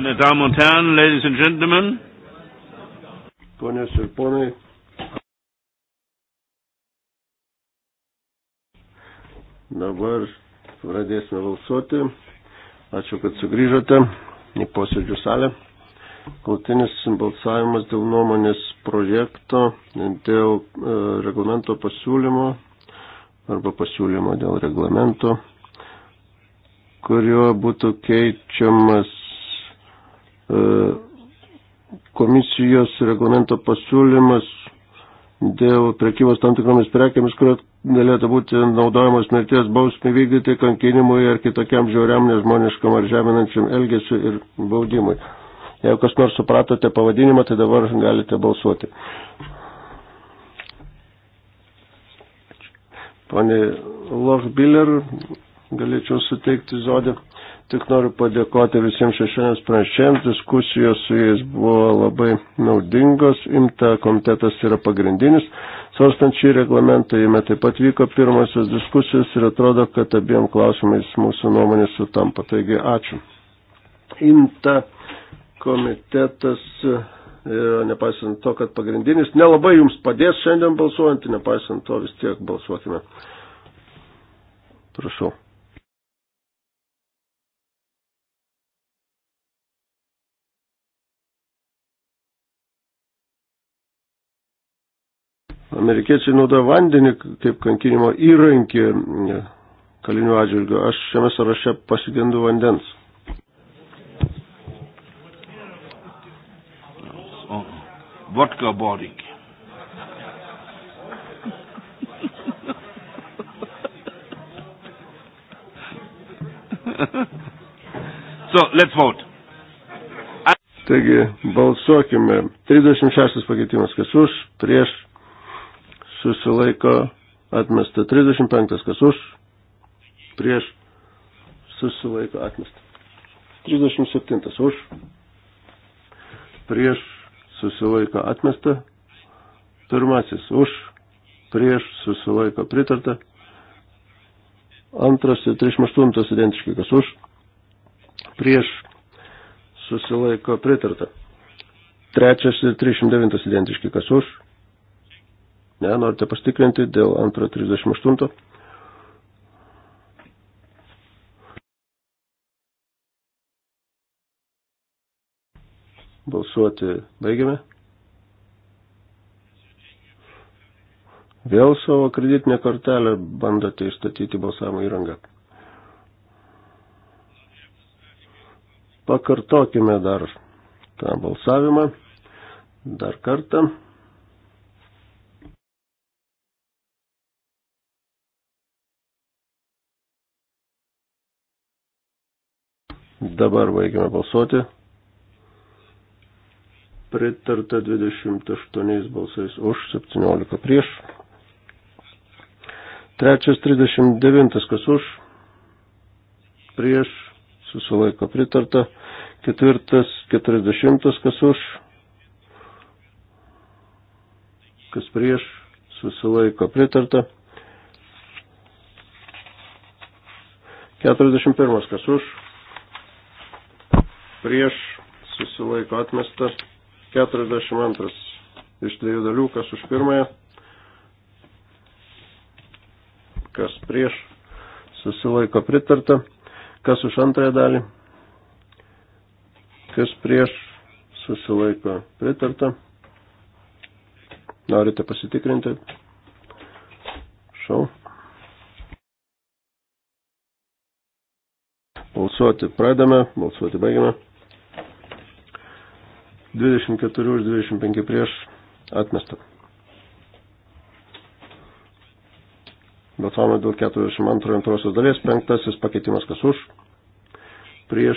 Meine Damen und Herren, Ladies and Gentlemen. Ponios ir ponai. Dabar pradėsime balsuoti. Ačiū, kad sugrįžote į posėdžių salę. Galtinis balsavimas dėl nuomonės projekto, dėl e, reglamento pasiūlymo arba pasiūlymo dėl reglamento kuriuo būtų keičiamas E, komisijos reglamento pasiūlymas dėl prekybos tam tikromis prekėmis, kurios galėtų būti naudojamos mirties bausmė vykdyti kankinimui ar kitokiam žiauriam, nežmoniškam ar žeminančiam elgesiu ir baudimui. Jeigu kas nors supratote pavadinimą, tai dabar galite balsuoti. Pane Lochbiller, galėčiau suteikti žodį. Tik noriu padėkoti visiems šešiems pranešėjams, diskusijos su jais buvo labai naudingos, imta komitetas yra pagrindinis. Svarstant šį reglamentą, jame taip pat vyko pirmasis diskusijos ir atrodo, kad abiem klausimais mūsų nuomonės sutampa. Taigi ačiū. Imta komitetas, e, nepaisant to, kad pagrindinis, nelabai jums padės šiandien balsuojant, nepaisant to vis tiek balsuokime. Prašau. Amerikiečiai naudoja vandenį kaip kankinimo įrankį kalinių atžvilgių. Aš šiame sąraše pasigendu vandens. Oh, vodka borik. so, let's vote. Taigi, balsuokime. 36 pakeitimas, kas už, prieš, susilaiko atmesta. 35 kas už, prieš susilaiko atmesta. 37 už, prieš susilaiko atmesta. Pirmasis už, prieš susilaiko pritarta. Antras ir 38 identiškai kas už, prieš susilaiko pritarta. Trečias ir 309 identiškai kas už, Ne, norite pastikrinti dėl antro 38. Balsuoti baigiame. Vėl savo kreditinę kortelę bandote išstatyti balsavimo įrangą. Pakartokime dar tą balsavimą. Dar kartą. Dabar baigiame balsuoti. Pritarta 28 balsais už, 17 prieš. Trečias 39, kas už, prieš, susilaiko pritarta. Ketvirtas 40, kas už, kas prieš, susilaiko pritarta. 41, kas už, prieš susilaiko atmesta 42 iš dviejų dalių, kas už pirmąją, kas prieš susilaiko pritarta, kas už antrąją dalį, kas prieš susilaiko pritarta. Norite pasitikrinti? Šau. Balsuoti pradame, balsuoti baigiame. 24 už 25 prieš atmestą. Balsavome dėl 42 antrosios dalies, penktasis pakeitimas kas už, prieš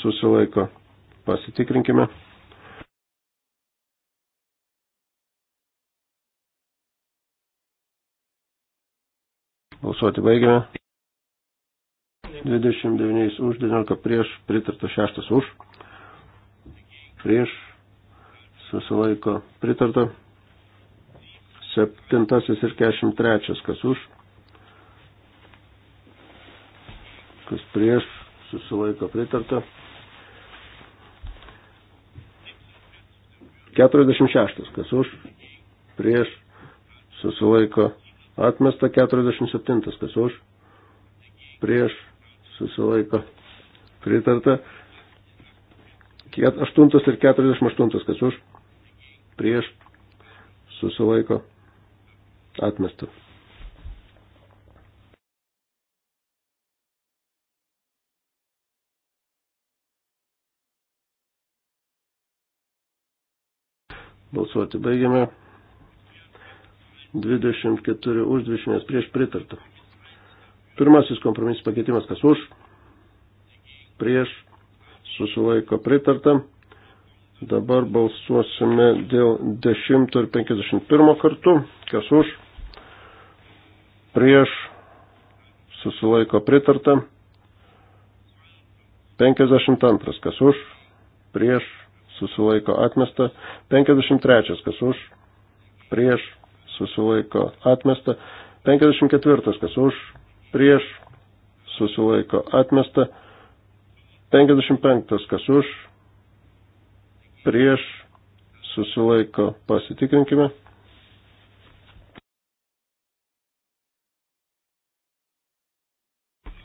susilaiko. Pasitikrinkime. Balsuoti baigiame. 29 už, 19 prieš, pritarta 6 už prieš susilaiko pritarta. Septintasis ir kešim trečias, kas už, kas prieš susilaiko pritarta. 46, kas už, prieš, susilaiko, atmesta 47, kas už, prieš, susilaiko, pritarta 8 ir 48, kas už, prieš, susilaiko, atmesta. Balsuoti baigiame. 24 už 20 prieš pritartą. Pirmasis kompromisų pakeitimas, kas už, prieš, susilaiko pritarta. Dabar balsuosime dėl 10 ir 51 kartų. Kas už? Prieš susilaiko pritarta. 52. Kas už? Prieš susilaiko atmesta. 53. Kas už? Prieš susilaiko atmesta. 54. Kas už? Prieš susilaiko atmesta. 55. Kas už? Prieš susilaiko pasitikrinkime.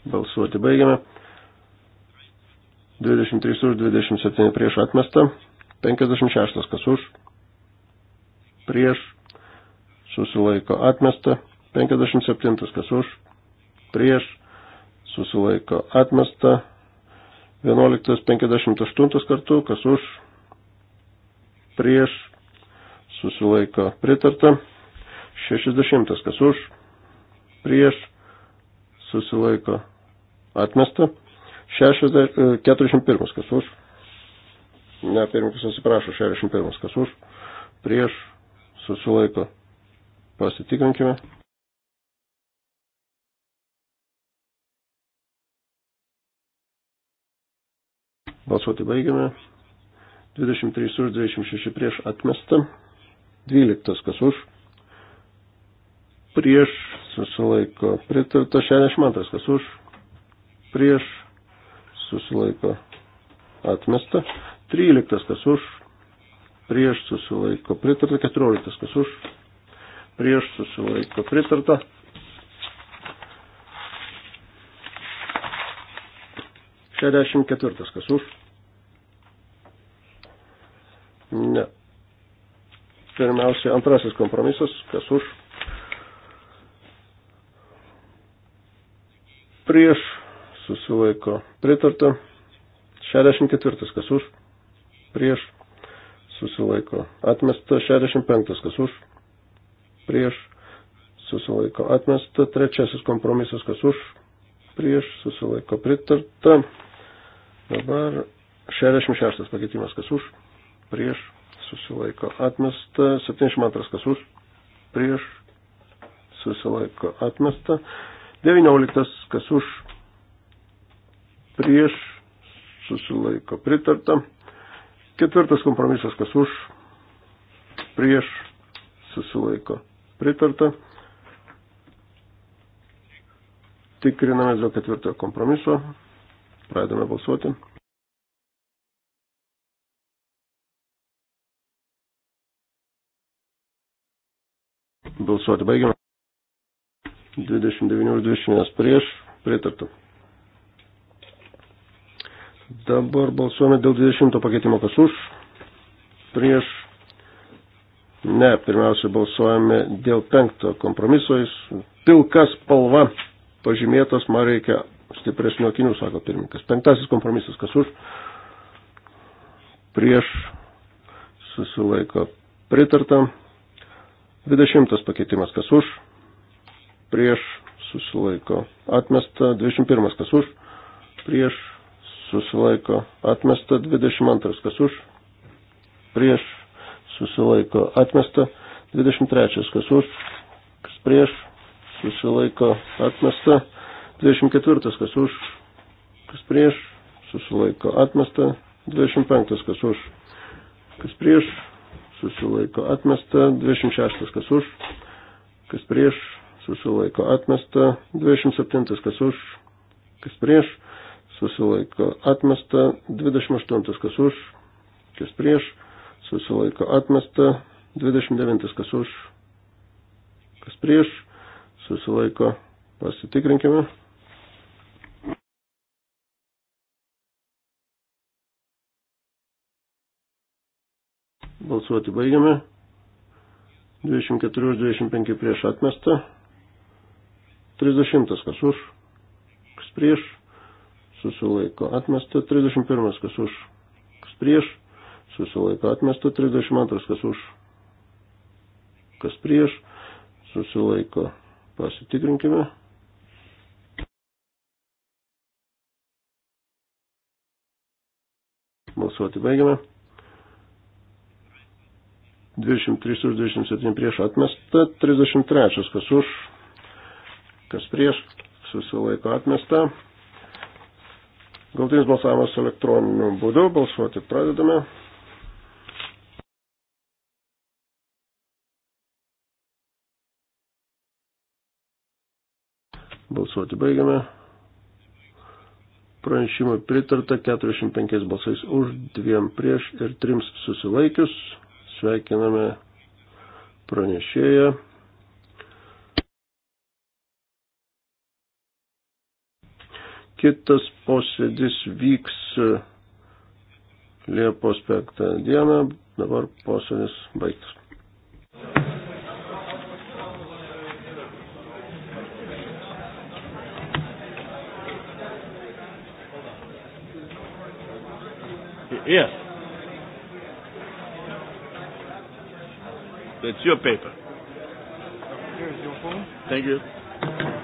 Balsuoti baigiame. 23 už, 27 prieš atmestą. 56 kas už. Prieš susilaiko atmestą. 57 kas už. Prieš susilaiko atmestą. 11.58 kartu, kas už, prieš, susilaiko pritarta. 60. Kas už, prieš, susilaiko atmesta. 41. E, kas už, ne, pirmininkas atsiprašo, 61. Kas už, prieš, susilaiko pasitikrinkime. Balsuoti baigiame. 23 už, 26 prieš atmestą. 12 kas už. Prieš susilaiko pritarta. 62 kas už. Prieš susilaiko atmesta. 13 kas už. Prieš susilaiko pritarta. 14 kas už. Prieš susilaiko pritarta. Šešiasdešimt ketvirtas kas už Ne. Pirmiausia, antrasis kompromisas, kas už. Prieš susilaiko pritarta. 64, kas už. Prieš susilaiko atmesta. 65, kas už. Prieš susilaiko atmesta. Trečiasis kompromisas, kas už. Prieš susilaiko pritarta. Dabar 66 pakeitimas, kas už prieš, susilaiko atmesta, 72 kas už, prieš, susilaiko atmesta, 19 kas už, prieš, susilaiko pritarta, ketvirtas kompromisas kas už, prieš, susilaiko pritarta. Tikriname dėl ketvirtojo kompromiso. Pradedame balsuoti. balsuoti. Baigiame. 29 už 21 prieš pritartų. Dabar balsuojame dėl 20 pakeitimo kas už. Prieš. Ne, pirmiausia balsuojame dėl penkto kompromiso. Jis pilkas spalva pažymėtas, man reikia stipresnių akinių, sako pirmininkas. Penktasis kompromisas kas už. Prieš susilaiko pritartam. 20 pakeitimas kas už, prieš susilaiko atmesta, 21 kas už, prieš susilaiko atmesta, 22 kas už, prieš susilaiko atmesta, 23 kas už, kas prieš susilaiko atmesta, 24 kas už, kas prieš susilaiko atmesta, 25 kas už, kas prieš susilaiko atmesta, 26 kas už, kas prieš, susilaiko atmesta, 27 kas už, kas prieš, susilaiko atmesta, 28 kas už, kas prieš, susilaiko atmesta, 29 kas už, kas prieš, susilaiko pasitikrinkime. Balsuoti baigiame. 24 už 25 prieš atmestą. 30 kas už, kas prieš, susilaiko atmestą. 31 kas už, kas prieš, susilaiko atmestą. 32 kas už, kas prieš, susilaiko. Pasitikrinkime. Balsuoti baigiame. 23 už 27 prieš atmestą, 33 kas už, kas prieš, susilaiko atmestą. Galtinis balsavimas elektroniniu būdu, balsuoti pradedame. Balsuoti baigiame. Pranešimui pritarta 45 balsais už, dviem prieš ir trims susilaikius. Sveikiname pranešėją. Kitas posėdis vyks Liepos 5 dieną, dabar posėdis baigtas. Yes. That's your paper. Here's your phone. Thank you.